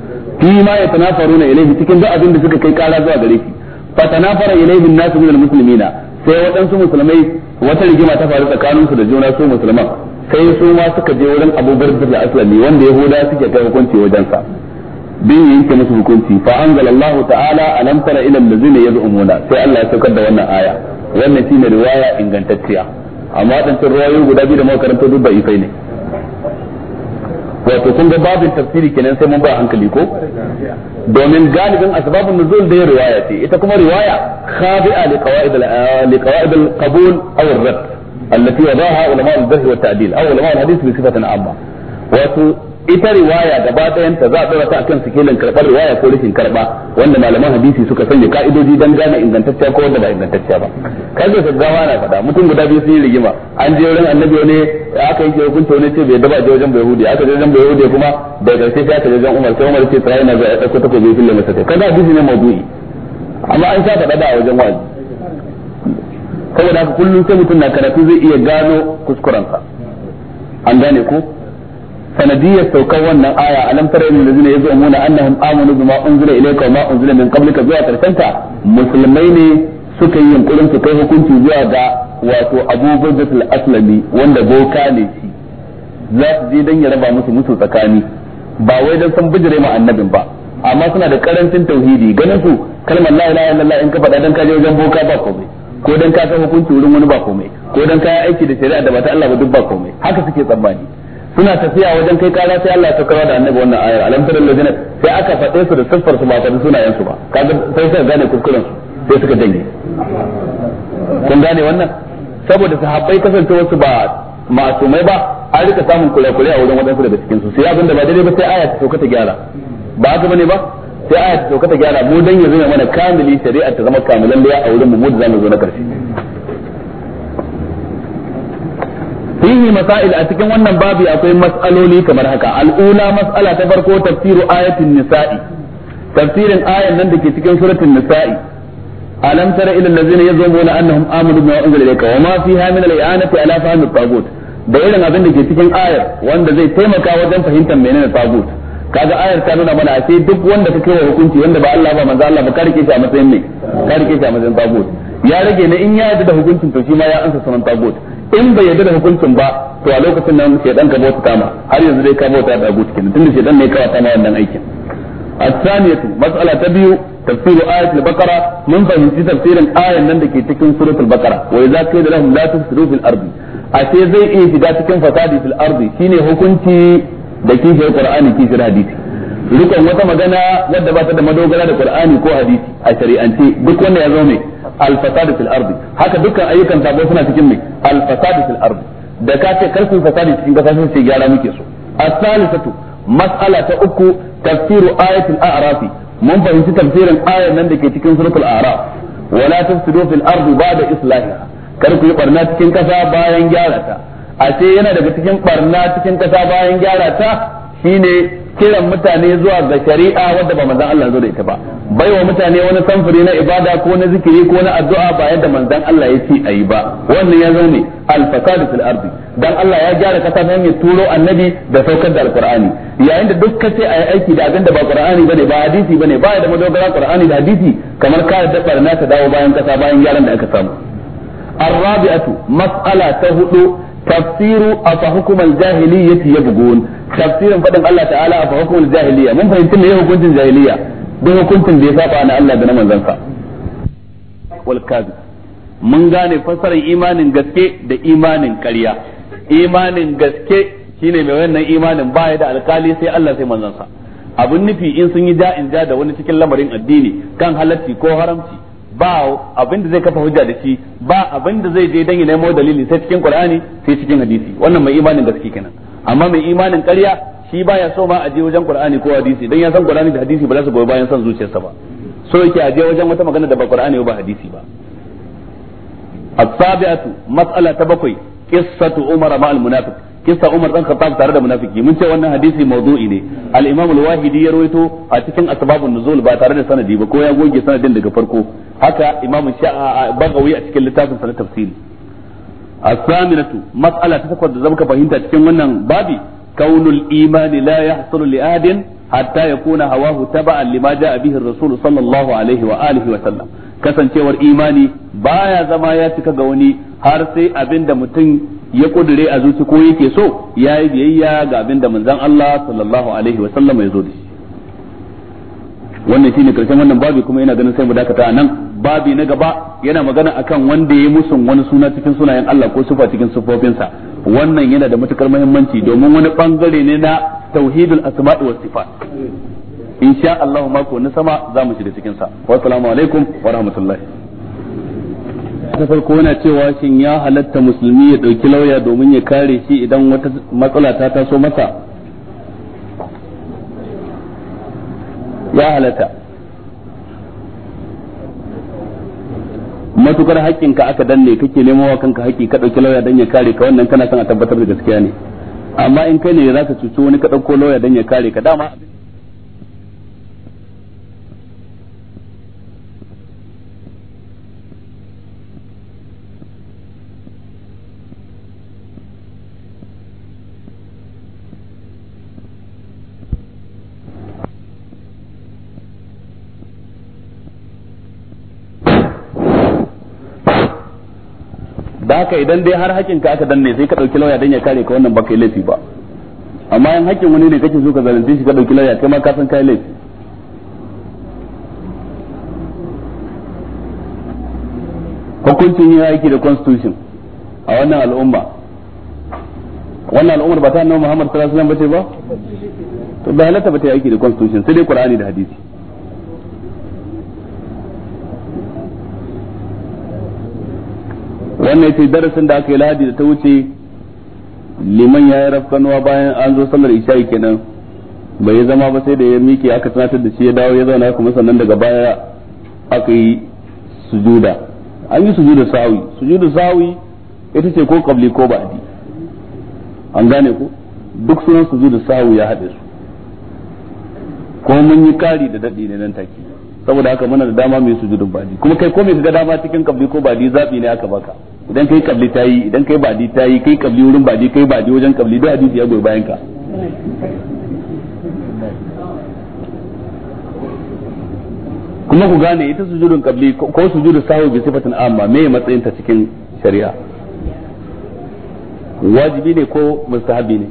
fi ma na ilayhi cikin duk abin da suka kai kara zuwa gare shi fa tanafara ilayhi an-nasu min al sai waɗansu musulmai wata rigima ta faru tsakanin su da juna su musulman sai su ma suka je wurin abubakar da aslami wanda yahuda suke kai hukunci sa bin yanke musu hukunci fa anzalallahu ta'ala alam tara ila allazina yaz'umuna sai Allah ya saukar da wannan aya wannan shine riwaya ingantacciya amma dan ruwayoyi guda biyu da muka karanta duk da ifai ne wato kun ga babin tafsiri kenan sai mun ba hankali ko domin galibin asbabun nuzul da riwaya ce ita kuma riwaya khabi'a li qawaid al li qawaid al qabul aw al rad allati wadaha ulama al jarh wa ta'dil aw ulama al hadith bi sifatin amma wato ita riwaya gaba ɗayan ta za a tsara ta akan sikilin karɓar riwaya ko rashin karɓa wanda malaman hadisi suka sanya ka'idoji don gane ingantacciya ko wanda ba ingantacciya ba da gaggawa na faɗa mutum guda biyu sun yi rigima an je wurin annabi ne aka yi ke hukunta wani ce bai daba je wajen bai aka je wajen bai hude kuma da karshe sai aka je wajen umar sai umar ce tsaya na zai ɗauko takobi ya fille masa kai kaga hadisi ne maudu'i amma an sha faɗa da a wajen wani saboda haka kullum sai mutum na karatu zai iya gano kuskurensa an gane ko sanadiyar saukar wannan aya alam tara ilal ladina yazumuna annahum amanu bima unzila ilayka ma unzila min qablika zuwa karkanta musulmai ne suka yi yunkurin su kai hukunci zuwa ga wato Abu Bakr al-Aslami wanda boka ne shi za su je dan ya raba musu musu tsakani ba wai dan san bijire ma annabin ba amma suna da karancin tauhidi ganin su kalmar la ilaha illallah in ka faɗa dan ka je wajen boka ba komai ko dan ka san hukunci wurin wani ba komai ko dan ka aiki da shari'a da ba ta Allah ba duk ba komai haka suke tsammani suna tafiya wajen kai kara sai Allah ta saukar da annabi wannan ayar alam tara allazina sai aka faɗe su da siffar su ba ta sunayen su ba kaga sai suka gane kuskuren su sai suka dange kun gane wannan saboda habbai kasance wasu ba masumai ba an rika samun kurakure a wajen wadansu daga cikin su sai abin da ba daidai ba sai aya ta sauka ta gyara ba haka bane ba sai aya ta sauka ta gyara mu dan yanzu ne mana kamili shari'a ta zama kamilan da ya a wurin mu mu da zamu zo na karshe fihi masail a cikin wannan babu akwai mas'aloli kamar haka al'ula mas'ala ta farko tafsiru ayatin nisa'i tafsirin ayan nan ke cikin suratul nisa'i alam tara ila allazina yazumuna annahum amanu bima unzila ilayka wa ma fiha min al-i'anati ala fahmi tagut da irin abin da ke cikin ayar wanda zai taimaka wajen fahimtar menene tagut kaga ayar ta nuna mana sai duk wanda ka wa hukunci wanda ba Allah ba manzo Allah ba ka rike shi a matsayin ne ka rike shi a ya rage ne in ya yarda da hukuncin to shi ma ya ansa sunan tagut in bai yarda da hukuncin ba to a lokacin nan shedan ka bauta kama har yanzu dai ka bauta da gutu kenan tunda shedan ne kawai kama wannan aikin الثانية مسألة تبيو تفسير آية البقرة من فهم تفسير آية نندك تكن سورة البقرة وإذا قيل لهم لا تفسدوا في الأرض أشي زي إيه في ذاتكم فسادي في الأرض شيني هكنتي da kishiyar qur'ani kishiyar hadisi rikon wata magana wadda ba ta da madogara da Qur'ani ko hadisi a shari'ance duk wanda ya zo mai al-fasad fil haka dukkan ayyukan sabo suna cikin mai al-fasad fil ardi da ka ce karfin fasadi cikin kasa sai gyara muke so as-salisatu mas'ala ta uku tafsiru ayatul a'raf mun fahimci tafsirin ayar nan da ke cikin suratul a'raf wala tufsidu fil ardi ba'da islahiha kar ku yi barna cikin kasa bayan gyara ta a ce yana daga cikin barna cikin kasa bayan gyara ta shine kiran mutane zuwa ga shari'a wadda ba manzon Allah zo da ita ba baiwa mutane wani samfuri na ibada ko na zikiri ko na addu'a ba yadda manzon Allah ya ce ayi ba wannan ya zo ne al-fasad fil ardi dan Allah ya gyara kasa ta hanyar turo annabi da saukar da alqur'ani yayin da duk kace ayi aiki da abinda ba qur'ani bane ba hadisi bane ba da madogara qur'ani da hadisi kamar ka da barna ta dawo bayan kasa bayan gyaran da aka samu mas'ala fa مسألة jahili ya ci الجاهلية يبغون tafsirin faɗin Allah ta'ala a hukumul jahiliya mun fahimci me hukuncin jahiliya duk hukuncin da ya saba na Allah da na manzansa wal kadhib mun gane fasarar imanin gaske da imanin ƙarya imanin gaske shine mai wannan imanin baya da alkali sai Allah sai manzansa abun nufi in sun yi ja'in ja da wani cikin lamarin addini kan halarci ko haramci ba abin da zai kafa hujja da shi ba abin da zai je dan ya nemo dalili sai cikin Qur'ani sai cikin hadisi wannan mai imanin gaske kenan amma mai imanin ƙarya shi baya so ma a je wajen Qur'ani ko hadisi dan ya san Qur'ani da hadisi ba za su goyi bayan son zuciyarsa ba so yake a je wajen wata magana da ba Qur'ani ba hadisi ba as-sabi'atu mas'ala ta bakwai qissatu umar ma'al munafiq kisa umar dan khattab tare da munafiki mun ce wannan hadisi mawdu'i ne al-imam al-wahidi ya rawaito a cikin asbabun nuzul ba tare da sanadi ba ko ya goge sanadin daga farko haka imam sha'a bagawi a cikin littafin sa na tafsiri a saminatu mas'ala ta takwas da zaka fahimta cikin wannan babi kaunul imani la yahsulu li adin hatta yakuna hawahu taba'an lima ja'a a bihin rasul sallallahu alaihi wa sallam kasancewar imani baya zama ya cika ga wani har sai abinda mutum ya kudure a zuci ko yake so yayi biyayya ga abinda manzon Allah sallallahu alaihi wa sallam ya zo wannan shine karshen wannan babi kuma yana ganin sai mu dakata nan babi na gaba yana magana akan wanda ya musun wani suna cikin sunayen Allah ko sifa cikin sufofinsa wannan yana da matukar muhimmanci domin wani bangare ne na tauhidul asma'i was sifat insha Allah mako na sama za mu shiga cikin sa wa assalamu alaikum wa rahmatullahi ta farko yana cewa shin ya halatta musulmi ya dauki lauya domin ya kare shi idan wata matsala ta taso masa ya halatta matukar haƙƙinka aka danne kake nemo wa kanka haƙƙi ka ɗauki lauya don ya kare ka wannan kana son a tabbatar da gaskiya ne amma in kai ne za ka cuci wani ka ɗauko lauya dan ya kare ka dama haka idan dai har hakin ka aka danne sai ka dauki lauya dan ya kare ka wannan baka laifi ba amma in hakin wani ne kake so ka zalunce shi ka dauki lauya kai ma ka san kai laifi hukuncin yin aiki da constitution a wannan al'umma wannan al'ummar ba ta annabi Muhammad sallallahu alaihi wasallam ce ba to bai halatta ba ta yi aiki da constitution sai dai Qur'ani da hadisi wannan yace darasin da aka yi lahadi da ta wuce liman ya yi rafkanuwa bayan an zo sallar isha kenan bai yi zama ba sai da ya miƙe aka tunatar da shi ya dawo ya zauna kuma sannan daga baya aka yi sujuda an yi sujuda sawi sujuda sawi ita ce ko kabli ko ba'di an gane ko duk sunan sujuda sawi ya haɗe su ko mun yi kari da daɗi ne nan take saboda haka muna da dama mai sujudin ba'di kuma kai ko mai ga dama cikin kabli ko ba'di zabi ne aka baka idan kai kabli ta yi idan kai badi ta yi kai kabli wurin badi kai badi wajen kabli da hadisi ya goyi bayan ka kuma ku gane ita sujudun kabli ko sujudu sahwi bi sifatin amma me matsayin ta cikin shari'a wajibi ne ko mustahabi ne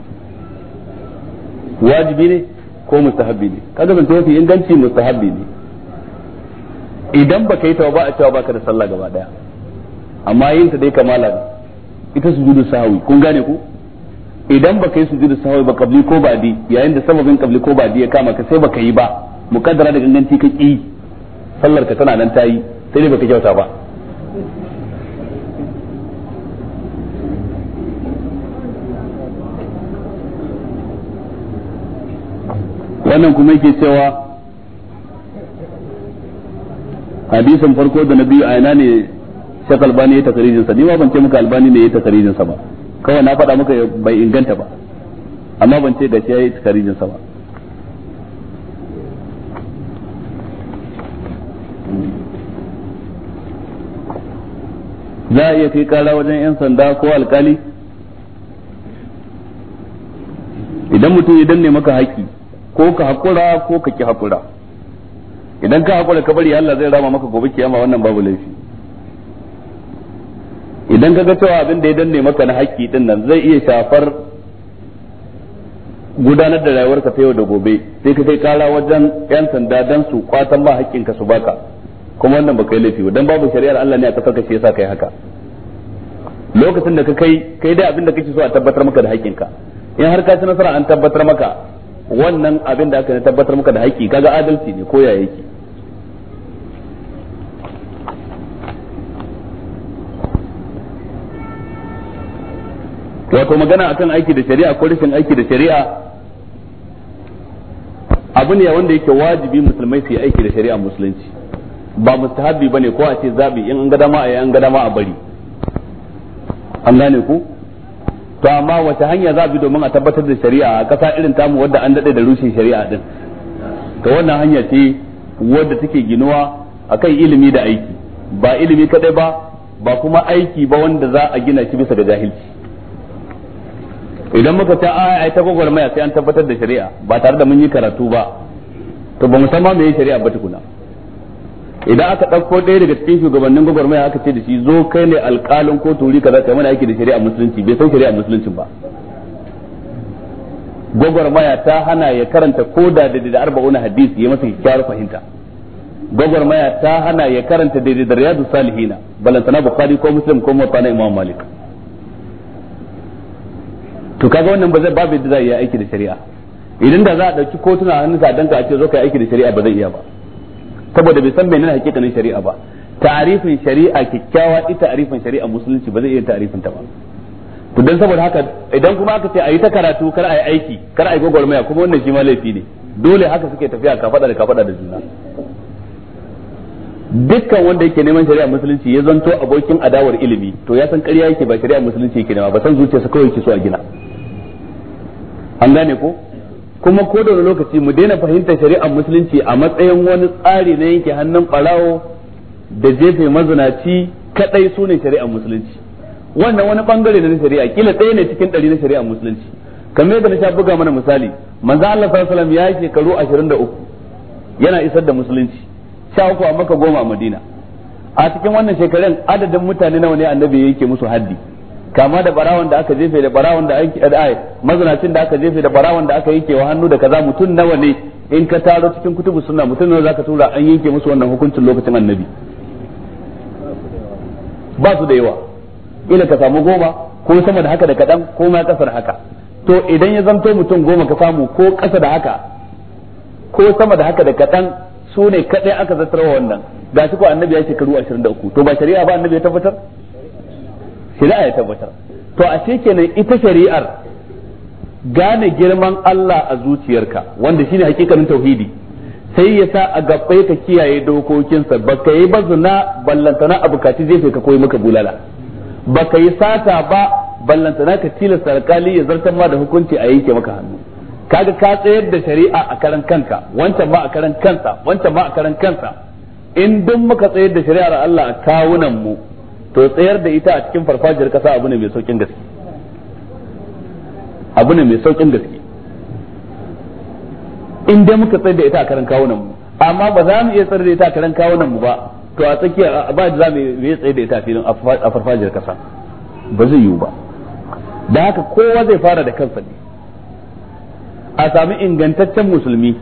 wajibi ne ko mustahabi ne kaga zan tafi inganci mustahabi ne idan baka yi ta ba a cewa baka da sallah gaba daya amma yin ta dai kamala ne ita judu sahawi kun gane ku idan baka yi judu sahawi ba kabli ko badi yayin da sababin kabli ko badi ya kama ka sai baka yi ba mukaddara da ganganci ka ki sallar ka tana nan ta yi sai dai baka kyauta ba wannan kuma yake cewa hadisin farko da nabi biyu a ne shek albani ya takarijin sa ni ma ban ce muka albani ne ya takarijin sa ba kawai na faɗa muka bai inganta ba amma ban ce da shi yi takarijin sa ba za a iya kai kara wajen 'yan sanda ko alkali idan mutum ya ne maka haƙƙi ko ka haƙura ko ka ki haƙura idan ka haƙura ka bari Allah zai rama maka gobe kiyama wannan babu laifi idan ka ga cewa abin da ya danne maka na haƙƙi din nan zai iya shafar gudanar da rayuwarka ta yau da gobe sai ka kai kara wajen yan sanda dan su kwatan ba haƙƙinka su baka kuma wannan ba kai laifi dan babu shari'ar Allah ne a kasar ka shi yasa kai haka lokacin da ka kai kai dai abin da kake so a tabbatar maka da haƙƙinka in har ka ci nasara an tabbatar maka wannan abin da aka tabbatar maka da haƙƙi kaga adalci ne ko ya yake wato magana akan aiki da shari'a ko rashin aiki da shari'a abu ne wanda yake wajibi musulmai su yi aiki da shari'a musulunci ba mustahabi bane ko a ce zabi in an gadama a yi an gadama a bari an gane ku to amma wata hanya za bi domin a tabbatar da shari'a a kasa irin tamu wadda an daɗe da rushe shari'a din to wannan hanya ce wadda take ginuwa akan ilimi da aiki ba ilimi kadai ba ba kuma aiki ba wanda za a gina shi bisa ga jahilci idan muka ta a ai ta gwagwarmaya sai an tabbatar da shari'a ba tare da mun yi karatu ba to ba mu san ma me yi shari'a ba tukuna idan aka ɗauko ɗaya daga cikin shugabannin gwagwarmaya aka ce da shi zo kai ne alƙalin ko turi kaza kai mana aiki da shari'a musulunci bai san shari'a musulunci ba gwagwarmaya ta hana ya karanta ko da da arba'una hadisi ya masa kyakkyawar fahimta gwagwarmaya ta hana ya karanta da da riyadu salihina balantana bukhari ko muslim ko mutane imam malik to kaga wannan ba zai babu yadda za a yi aiki da shari'a idan da za a dauki kotuna hannun ka danka a ce zo kai aiki da shari'a ba zai iya ba saboda bai san menene hakikanin shari'a ba ta'arifin shari'a kikkiawa ita ta'arifin shari'a musulunci ba zai iya ta'arifin ta ba to dan saboda haka idan kuma aka ce ayi ta karatu kar ayi aiki kar ayi gwagwarmaya kuma wannan shi ma laifi ne dole haka suke tafiya ka fada da ka fada da juna dukkan wanda yake neman shari'a musulunci ya zanto abokin adawar ilimi to ya san ƙarya yake ba shari'a musulunci yake nema ba san zuciyarsa kawai yake so a gina an gane ko kuma ko da lokaci mu daina fahimtar shari'ar musulunci a matsayin wani tsari na yanke hannun barawo da jefe mazinaci kadai su ne shari'ar musulunci wannan wani bangare ne na shari'a kila ɗaya ne cikin ɗari na shari'ar musulunci kamar yadda na sha buga mana misali manzo Allah sallallahu alaihi wasallam ya shekaru 23 yana isar da musulunci sha uku a maka goma a Madina a cikin wannan shekarun adadin mutane nawa ne annabi yake musu haddi kama da barawan da aka jefe da barawan da ake eh, ai mazanacin da aka jefe da barawan da aka yanke wa hannu da kaza mutum nawa ne in ka taro cikin kutubu sunna mutum nawa zaka tura an yanke musu wannan hukuncin lokacin annabi ba su da yawa ila ka samu goma ko sama da haka da kadan ko ma kasar haka to idan ya zanto mutum goma ka samu ko kasa da haka ko sama da haka da kadan su ne kadai aka zartarwa wannan gashi ko annabi ya shekaru 23 to ba shari'a ba annabi ya tabbatar shari'a ya tabbatar to a kenan ita shari'ar gane girman Allah a zuciyarka wanda shine hakikanin tauhidi sai ya sa a gabbai ka kiyaye dokokinsa ba ka yi na ballantana a bukaci jefe ka koyi maka bulala ba ka yi sata ba ballantana ka tilasta alkali ya zartar ma da hukunci a yanke maka hannu kaga ka tsayar da shari'a a karan kanka wancan ma a karan kansa wancan ma a karan kansa in duk muka tsayar da shari'ar Allah a kawunan mu to tsayar da ita a cikin farfajiyar kasa abu ne mai saukin gaske abu ne mai saukin gaske in dai muka tsayar da ita a karan kawunan mu amma ba za mu iya tsayar da ita a karan kawunan mu ba to a tsakiya ba za mu iya tsayar da ita a filin a farfajiyar kasa ba zai yiwu ba da haka kowa zai fara da kansa ne a sami ingantaccen musulmi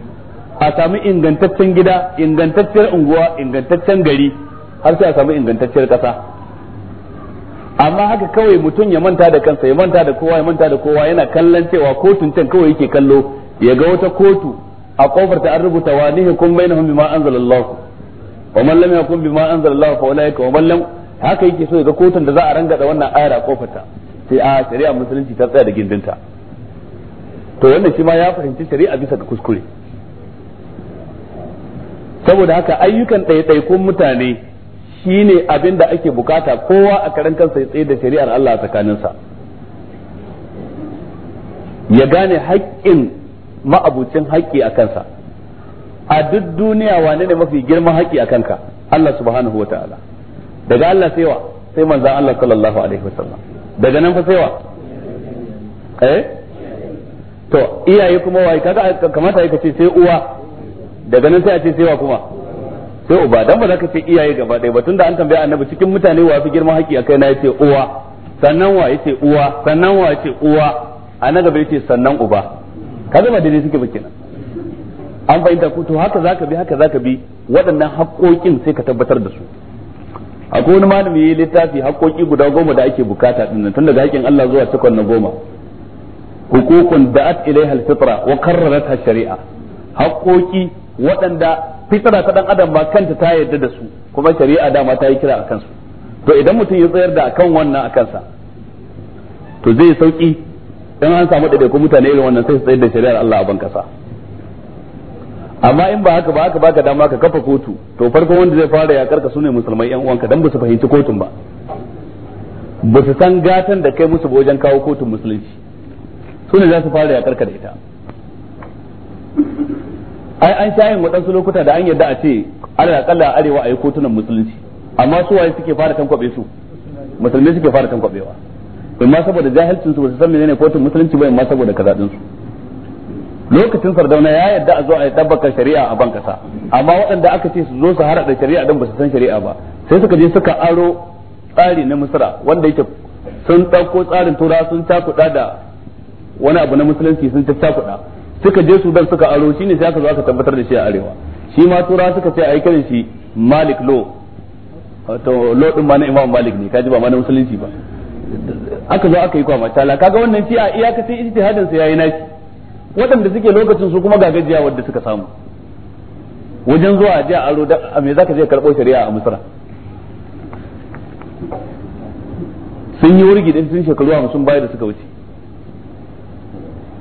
a sami ingantaccen gida ingantacciyar unguwa ingantaccen gari har sai a sami ingantacciyar kasa amma haka kawai mutum ya manta da kansa ya manta da kowa ya manta da kowa yana kallon cewa kotun can kawai yake kallo ya ga wata kotu a kofar ta an rubuta wa nihi kun bainahum bima anzalallahu wa man lam yakun bima anzalallahu fa ulaika wa man lam haka yake so ya ga kotun da za a rangada wannan ayar a kofar ta sai a shari'a musulunci ta tsaya da gindinta to wannan shi ma ya fahimci shari'a bisa ga kuskure saboda haka ayyukan ɗaiɗaikun mutane shine abin da ake bukata kowa a karan kansa ya tsaye da shari'ar Allah a tsakaninsa ya gane haƙƙin ma'abucin haƙƙi a kansa a duk duniya wane ne mafi girman haƙƙi a kanka Allah subhanahu wa ta'ala daga Allah sai wa sai manzan Allah sallallahu alaihi wasallam daga nan fa sai wa eh to iyaye kuma wai kaga kamata ka ce sai uwa daga nan sai a ce sai wa kuma sai uba dan ba za ka ce iyaye gaba ɗaya ba tunda an tambaya annabi cikin mutane wa fi girman haƙi akai na yace uwa sannan wa yace uwa sannan wa yace uwa annabi gaba yace sannan uba zama da daidai suke ba kenan an fahimta ku to haka zaka bi haka zaka bi waɗannan haƙoƙin sai ka tabbatar da su akwai wani malami yayi littafi haƙoƙi guda goma da ake bukata din tun daga haƙin Allah zuwa cikon na goma hukukun da'at ilaiha al-fitra wa al shari'a haƙoƙi waɗanda fitara ta dan adam ba kanta ta yarda da su kuma shari'a dama ta yi kira a kansu to idan mutum ya tsayar da akan wannan a kansa to zai sauki in an samu ɗaiɗaiku mutane irin wannan sai su tsayar da shari'ar Allah a ban amma in ba haka ba haka baka dama ka kafa kotu to farkon wanda zai fara ya ka sune musulmai yan uwanka dan ba su fahimci kotun ba ba su san gatan da kai musu wajen kawo kotun musulunci su ne za su fara ya ka da ita ai an sha yin waɗansu lokuta da an yarda a ce da akalla arewa a yi kotunan musulunci amma su waye suke fara tankwabe su musulmi suke fara tankwabewa amma saboda jahilcin su ba su san menene kotun musulunci ba amma saboda kaza su lokacin sardauna ya yarda a zo a tabbaka shari'a a ban kasa amma waɗanda aka ce su zo su harada shari'a din ba su san shari'a ba sai suka je suka aro tsari na misra wanda yake sun ɗauko tsarin tura sun cakuɗa da wani abu na musulunci sun cakuɗa suka je Sudan suka aro shi ne sai aka zo aka tabbatar da shi a arewa shi ma tura suka ce ai kiran shi Malik lo to lo din ma na Imam Malik ne kaji ba ma na musulunci ba aka zo aka yi kwa matala kaga wannan shi a iyakacin ijtihadin sa yayi naki waɗanda suke lokacin su kuma gagajiya wadda suka samu wajen zuwa a jiya aro da me zaka je karbo shari'a a Misra sun yi wurgi din sun shekaru 50 baya da suka wuce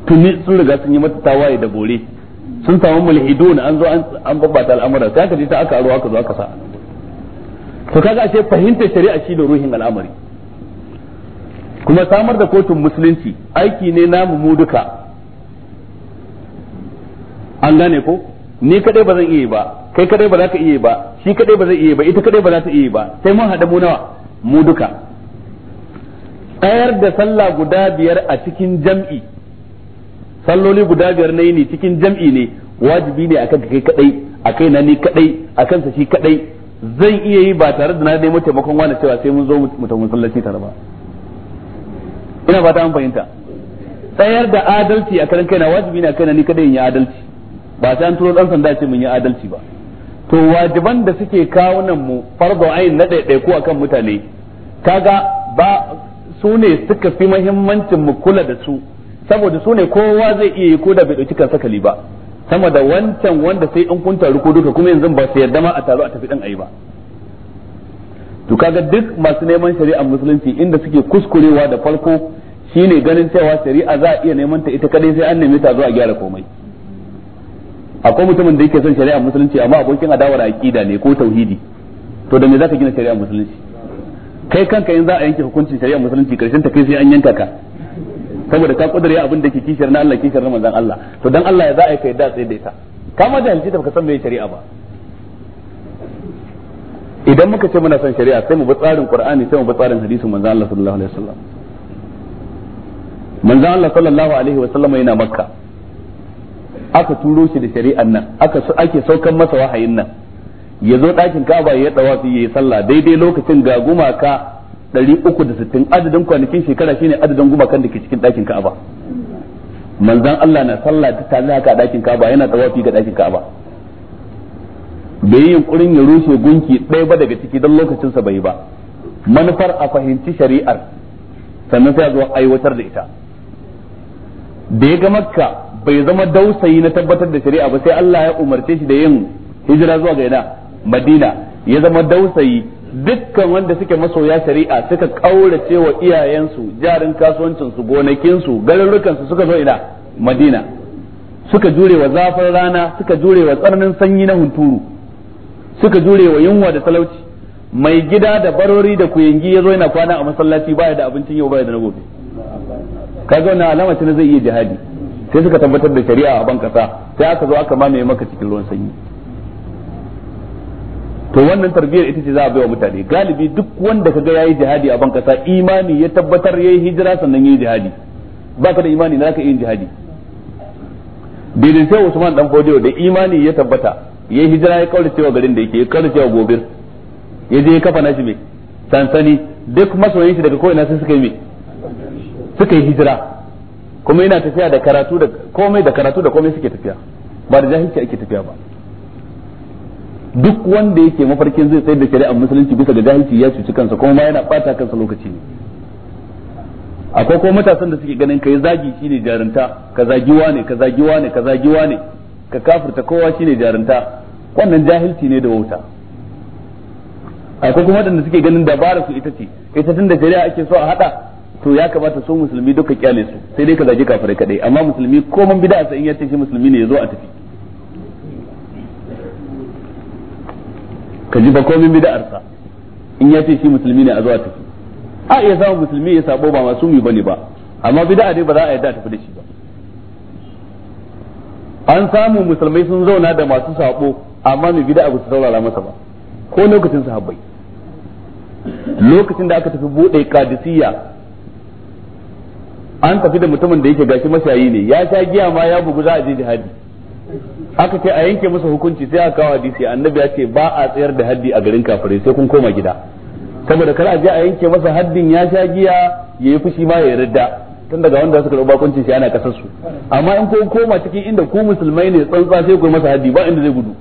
tuni sun riga sun yi mata tawaye da bore sun samu mulhidun an zo an babbata al'amura sai aka ji ta aka aro aka zo aka sa to kaga ashe fahimtar shari'a shi da ruhin al'amari kuma samar da kotun musulunci aiki ne namu mu duka an gane ko ni kadai ba zan iya ba kai kadai ba za ka iya ba shi kadai ba zai iya ba ita kadai ba za ta iya ba sai mun haɗa mu nawa mu duka tsayar da sallah guda biyar a cikin jam'i salloli guda biyar na yini cikin jam'i ne wajibi ne akan kai kadai akai na ni kadai akan sa shi kadai zan iya yi ba tare da na nemo taimakon wani cewa sai mun zo mu tafi masallaci tare ba ina fata an fahimta tsayar da adalci a karan kaina wajibi ne a na ni kadai in yi adalci ba sai an turo dan sanda ce mun yi adalci ba to wajiban da suke kawo nan mu farzo ayin na ɗaiɗaiku akan mutane kaga ba su ne suka fi muhimmancin mu kula da su saboda su ne kowa zai iya yi ko da bai dauki kansa sakali ba sama da wancan wanda sai in kun taru ko duka kuma yanzu ba su yarda ma a taru a tafi dan ayi ba to kaga duk masu neman shari'ar musulunci inda suke kuskurewa da farko shine ganin cewa shari'a za a iya neman ta ita kadai sai an neme ta zo a gyara komai akwai mutumin da yake son shari'ar musulunci amma abokin adawar aqida ne ko tauhidi to da me zaka gina shari'ar musulunci kai kanka yanzu za a yanke hukuncin shari'ar musulunci karshen ta kai sai an yanka ka saboda ka kudure abin da ke kishiyar na Allah kishiyar na manzan Allah to dan Allah ya za a yi kai da tsaye da ita kama da halitta baka san me shari'a ba idan muka ce muna son shari'a sai mu bi tsarin Qur'ani sai mu bi tsarin hadisin manzan Allah sallallahu alaihi wasallam manzan Allah sallallahu alaihi wasallam yana Makka aka turo shi da shari'an nan aka ake saukan masa wahayin nan ya zo ɗakin Ka'aba ya yi tawafi ya yi sallah daidai lokacin ga gumaka 360 adadin kwanakin shekara shine adadin gumakan da ke cikin ɗakin Ka'aba manzon Allah na sallah ta tare haka a ɗakin Ka'aba yana tawafi ga ɗakin Ka'aba bai yi yunkurin ya rushe gunki ɗaya ba daga ciki don lokacin sa bai ba manufar a fahimci shari'ar sannan sai a zo aiwatar da ita da ya ga makka bai zama dausayi na tabbatar da shari'a ba sai Allah ya umarce shi da yin hijira zuwa ga yana Madina ya zama dausayi dukkan wanda suke masoya shari'a suka kaurace wa iyayensu jarin kasuwancinsu gonakinsu su suka zo ina madina suka jure wa zafin rana suka jure wa tsananin sanyi na hunturu suka jure wa yunwa da talauci mai gida da barori da kuyangi ya zo yana kwana a masallaci baya da abincin yau baya da na gobe kaga wannan alama ce na zai iya jihadi sai suka tabbatar da shari'a a ban kasa sai aka zo aka mamaye maka cikin ruwan sanyi to wannan tarbiyyar ita ce za a baiwa mutane galibi duk wanda kaga yayi jihadi a ban kasa imani ya tabbatar yayi hijira sannan yayi jihadi baka da imani naka yin jihadi bidin sai Usman dan Fodiyo da imani ya tabbata yayi hijira ya kaura cewa garin da yake ya kaura cewa gobir ya je ya kafa nashi mai sansani duk masoyin shi daga ko ina sai suka yi mai suka yi hijira kuma yana tafiya da karatu da komai da karatu da komai suke tafiya ba da jahilci ake tafiya ba duk wanda yake mafarkin zai tsayar da shari'ar musulunci bisa ga jahilci ya cuci kansa kuma ma yana bata kansa lokaci ne akwai kuma matasan da suke ganin kai zagi shine jarunta ka zagiwa ne ka zagiwa ne ka zagiwa ne ka kafirta kowa shine jarunta wannan jahilci ne da wauta akwai kuma waɗanda suke ganin dabara su ita ce ita tunda da shari'a ake so a hada to ya kamata su musulmi duka kyale su sai dai ka zagi kafirai kadai amma musulmi ko man bid'a sai in ya ce shi musulmi ne ya zo a tafi ka ji ba komin bid'ar sa in ya ce shi musulmi ne a zuwa tafi a iya samun musulmi ya sabo ba masu mu bane ba amma bid'a ne ba za a yarda tafi da shi ba an samu musulmai sun zauna da masu sabo amma mai bid'a ba su saurara masa ba ko lokacin sahabbai lokacin da aka tafi bude kadisiya an tafi da mutumin da yake gashi mashayi ne ya sha giya ma ya bugu za a je jihadi aka ce a yanke masa hukunci sai aka kawo hadisi annabi ya ce ba a tsayar da haddi a garin kafare sai kun koma gida saboda kar a je a yanke masa haddin ya sha giya ya yi fushi ma ya yarda tun daga wanda suka dauba kuncin shi ana kasar su amma in kun koma cikin inda ku musulmai ne tsantsa sai ku masa haddi ba inda zai gudu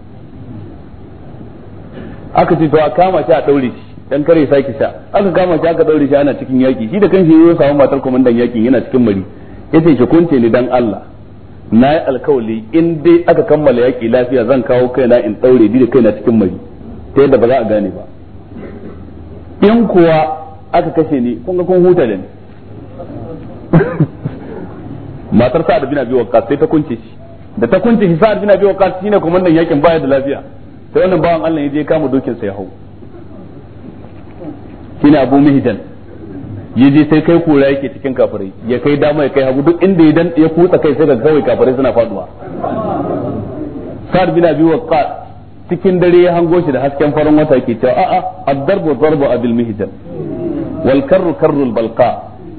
aka ce to a kama shi a daure shi dan kare sake sha aka kama shi aka daure shi ana cikin yaki shi da kanshi ya samu matar komandan yakin yana cikin mari yace ki kunce ni dan Allah na yi alkawali in dai aka kammala yaƙi lafiya zan kawo kaina in ɗaure ni da kaina cikin mari ta yadda ba za a gane ba in kuwa aka kashe ni kun ga kun huta da ni matar sa'ad bin abi waqqas sai ta kunce shi da ta kunce shi sa'ad bin abi waqqas shine kuma yakin baya da lafiya sai wannan bawan Allah ya je kama dokin sa ya hau shine Abu Mihdan ya je sai kai kura yake cikin kafirai ya kai dama ya kai hagu duk inda ya dan ya kutsa kai sai ga kawai kafirai suna faduwa sa'ad bin abi waqqas cikin dare ya hango shi da hasken farin wata ke cewa a'a ad-darbu darbu abil mihjan wal karru karru al balqa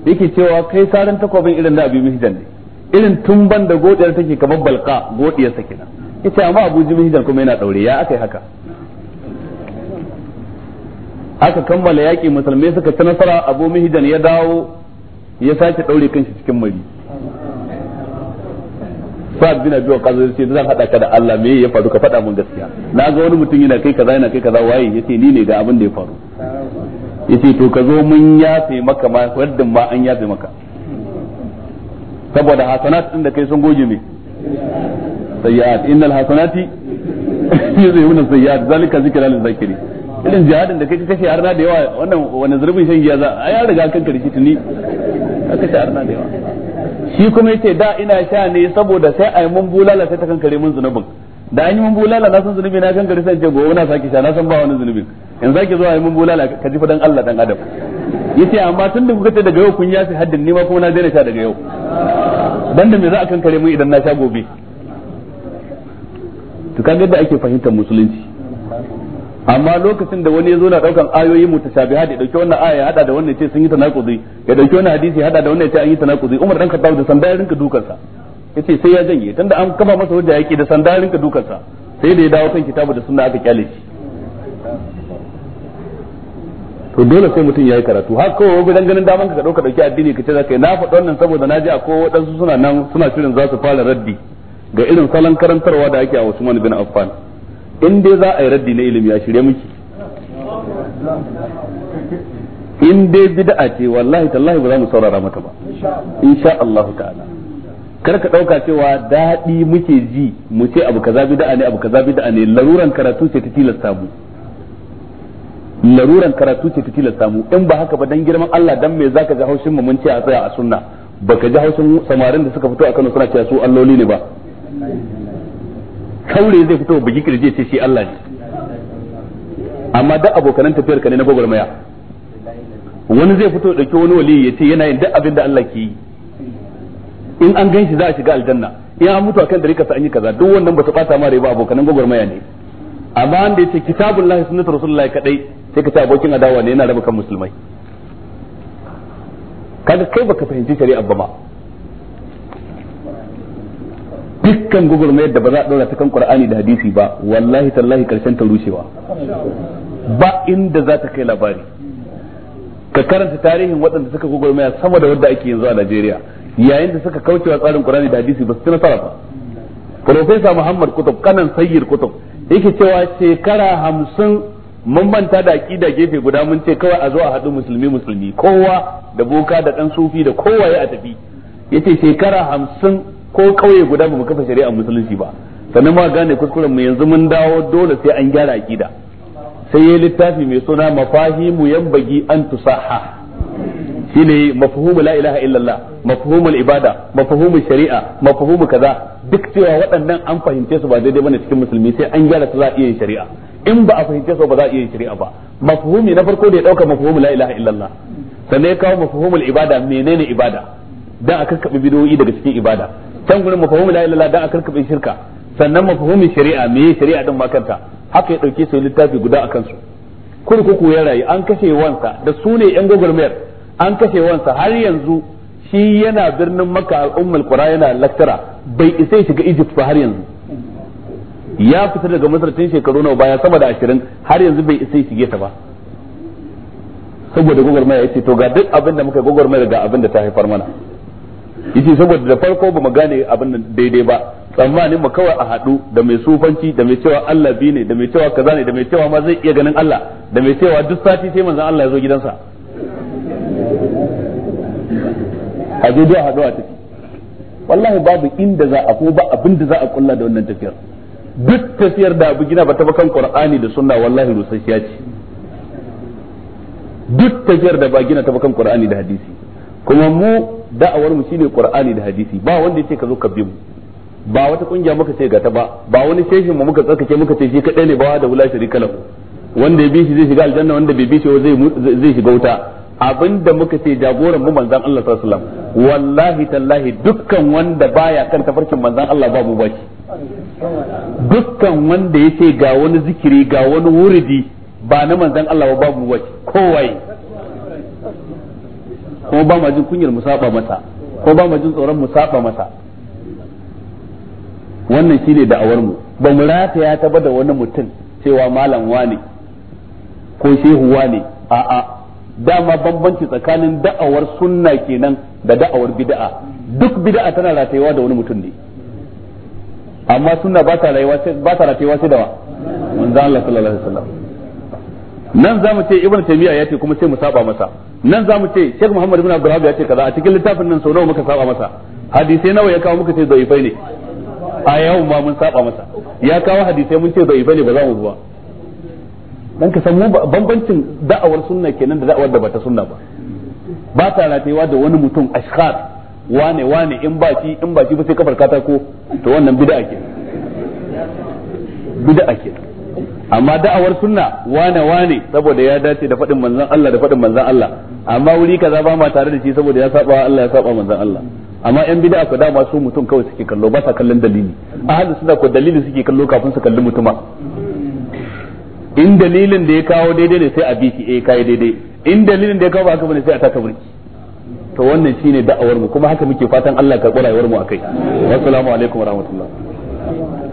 yake cewa kai sarin takobin irin da abi mihjan ne irin tumban da godiyar take kamar balqa godiyar sa kenan yace amma abu mihjan kuma yana daure ya akai haka aka kammala yaƙi musulmai suka ci nasara abu mihijan ya dawo ya sake ɗaure kanshi cikin mari sa'ad bin abi kaza sai zan hada ka da Allah me ya faru ka faɗa mun gaskiya na ga wani mutum yana kai kaza yana kai kaza waye yace ni ne ga abin da ya faru yace to ka zo mun yafe maka ma wadda ma an yafe maka saboda hasanat din da kai sun goge me sayyi'at innal hasanati yuzhibuna sayyi'at zalika zikra lil zakirin irin jihadin da kai kashe harna da yawa wannan wani zurbin shan giya za a ya riga kan karshe tuni ka kashe harna da yawa shi kuma yace da ina sha ne saboda sai ai mun bulala sai ta kan kare mun zunubin da an yi mun bulala na san zunubi na kan kare sai ce gobe na sake sha na san ba wani zunubin yanzu zaki zo ai mun bulala ka ji fadan Allah dan adam yace amma tun da kuka ce daga yau kun yafi haddin ni ma kuma na daina sha daga yau banda me za a kan kare mun idan na sha gobe to kaga yadda ake fahimtar musulunci amma lokacin da wani ya zo na daukan ayoyi mutashabiha da dauke wannan aya ya hada da wannan ce sun yi tanakuzi ya dauke wannan hadisi ya hada da wannan ce an yi tanakuzi Umar dan Khattab da sanda ya dukan sa yace sai ya janye tunda an kama masa hujja yake da sanda ya dukan sa sai da ya dawo kan kitabu da sunna aka kyale shi to dole sai mutum yayi karatu har kawai wani dan ganin daman ka dauka dauki addini ka ce zaka na faɗi wannan saboda na ji akwai wadansu suna nan suna shirin za su fara raddi ga irin salon karantarwa da ake a Usman bin Affan in dai za a yi raddi na ilimi a shirye miki in dai bid'a ce wallahi tallahi ba za mu saurara mata ba insha Allah ta'ala kar ka dauka cewa dadi muke ji mu ce abu kaza bid'a ne abu kaza bid'a ne laruran karatu ce ta tilasta mu laruran karatu ce ta tilasta mu in ba haka ba dan girman Allah dan me zaka ji haushin mu mun ce a tsaya a sunna baka ji haushin samarin da suka fito a Kano suna cewa su alloli ne ba kaure zai fito bugi kirje ce shi Allah ne amma duk abokanan tafiyar ka ne na maya wani zai fito dauke wani wali ya ce yana yin duk abin da Allah ke yi in an ganshi za a shiga aljanna in an mutu akan dariƙa sa an yi kaza duk wannan ba su bata ma ba abokanan gwagwarmaya ne amma wanda yace kitabullahi sunnatu rasulullahi kadai sai ka ce abokin adawa ne yana raba kan musulmai kaga kai baka fahimci shari'a ba ma dukkan gugurmayar da ba za a ɗora ta kan qur'ani da hadisi ba wallahi tallahi karshen ta rushewa ba inda za ta kai labari ka karanta tarihin waɗanda suka gugurmaya sama da wadda ake yanzu a Najeriya yayin da suka kaucewa tsarin qur'ani da hadisi ba su ci nasara ba Profesa Muhammad Kutub kanan sayyir Kutub yake cewa shekara hamsin mun manta da aƙida gefe guda mun ce kawai a zo a haɗu musulmi musulmi kowa da boka da ɗan sufi da kowaye a tafi yace shekara hamsin ko kauye guda ba mu kafa shari'a musulunci ba sannan ma gane kuskuren mu yanzu mun dawo dole sai an gyara akida sai yayi littafi mai suna mafahimu yanbagi an tusaha shine mafhumu la ilaha illallah mafhumul ibada mafhumul shari'a mafhumu kaza duk cewa waɗannan an fahimce su ba daidai bane cikin musulmi sai an gyara su za iya yin shari'a in ba a fahimce su ba za a iya yin shari'a ba mafhumi na farko da ya dauka mafhumu la ilaha illallah sannan ya kawo mafhumul ibada menene ibada dan a kakkabe bidoyi daga cikin ibada can gurin mafahumi la ilaha dan a shirka sannan mafahumi shari'a me shari'a din makanta haka ya dauke sai littafi guda akan su kurkuku ya rayu an kashe wansa da su ne yan gwagwarmayar an kashe wansa har yanzu shi yana birnin maka al'ummar qura yana laktara bai isa ya shiga egypt ba har yanzu ya fita daga masar tun shekaru nawa baya sama da ashirin har yanzu bai isa ya shige ta ba saboda gwagwarmaya ya ce to ga duk abin da muka ga abin da ta haifar mana yace saboda da farko ba mu gane abin nan daidai ba tsammanin mu kawai a haɗu da mai sufanci da mai cewa Allah bi ne da mai cewa kaza ne da mai cewa ma zai iya ganin Allah da mai cewa duk sati sai manzon Allah ya zo gidansa a da haɗu a tafi wallahi babu inda za a ko ba abin da za a kulla da wannan tafiyar duk tafiyar da abu gina ba ta kan Qur'ani da Sunna wallahi rusasshiya ce duk tafiyar da ba gina ta kan Qur'ani da hadisi kuma mu da'awar mu shine qur'ani da hadisi ba wanda yace ka zo ka bi mu ba wata kungiya muka ce gata ba ba wani shehin mu muka tsarkake muka ce shi kadai ne ba da wula sharika lahu wanda ya bi shi zai shiga aljanna wanda bai bi shi zai zai shiga wuta abinda muka ce jagoran mu manzon Allah sallallahu alaihi wasallam wallahi tallahi dukkan wanda baya kan tafarkin manzon Allah ba mu dukkan wanda yace ga wani zikiri ga wani wuridi ba na manzon Allah ba mu ba kowai ko ba ma jin kunyar mu saba masa ko ba ma jin tsoron mu saba masa wannan shine da'awar mu ba mu rata ya taba da wani mutum cewa malam wane ko shehu wane a'a dama bambanci tsakanin da'awar sunna kenan da da'awar bid'a duk bid'a tana ratayewa da wani mutum ne amma sunna ba ta rayuwa ba ta ratayewa sai da wa manzo Allah sallallahu alaihi wasallam nan za mu ce ibn taymiya ya ce kuma sai mu saba masa nan za mu ce sheikh muhammad ibn abdullah ya ce kaza a cikin littafin nan sau nawa muka saba masa hadisai nawa ya kawo muka ce zaifai ne a yau ma mun saba masa ya kawo hadisai mun ce zaifai ne ba za mu zuwa dan ka san mu bambancin da'awar sunna kenan da da'awar da bata sunna ba ba ta ratewa da wani mutum ashkhar wane wane in ba shi in ba shi ba sai kafar katako to wannan bid'a ke bid'a kenan amma da'awar sunna wane wane saboda ya dace da faɗin manzon Allah da faɗin manzon Allah amma wuri kaza ba ma tare da shi saboda ya saba Allah ya saba manzon Allah amma yan bid'a ku dama su mutum kawai suke kallo ba sa kallon dalili ahadu suna ko dalili suke kallo kafin su kalli mutuma in dalilin da ya kawo daidai ne sai a biki eh kai daidai in dalilin da ya kawo ba haka bane sai a taka burki to wannan shine da'awar mu kuma haka muke fatan Allah ka karɓi rayuwar mu akai assalamu alaikum warahmatullahi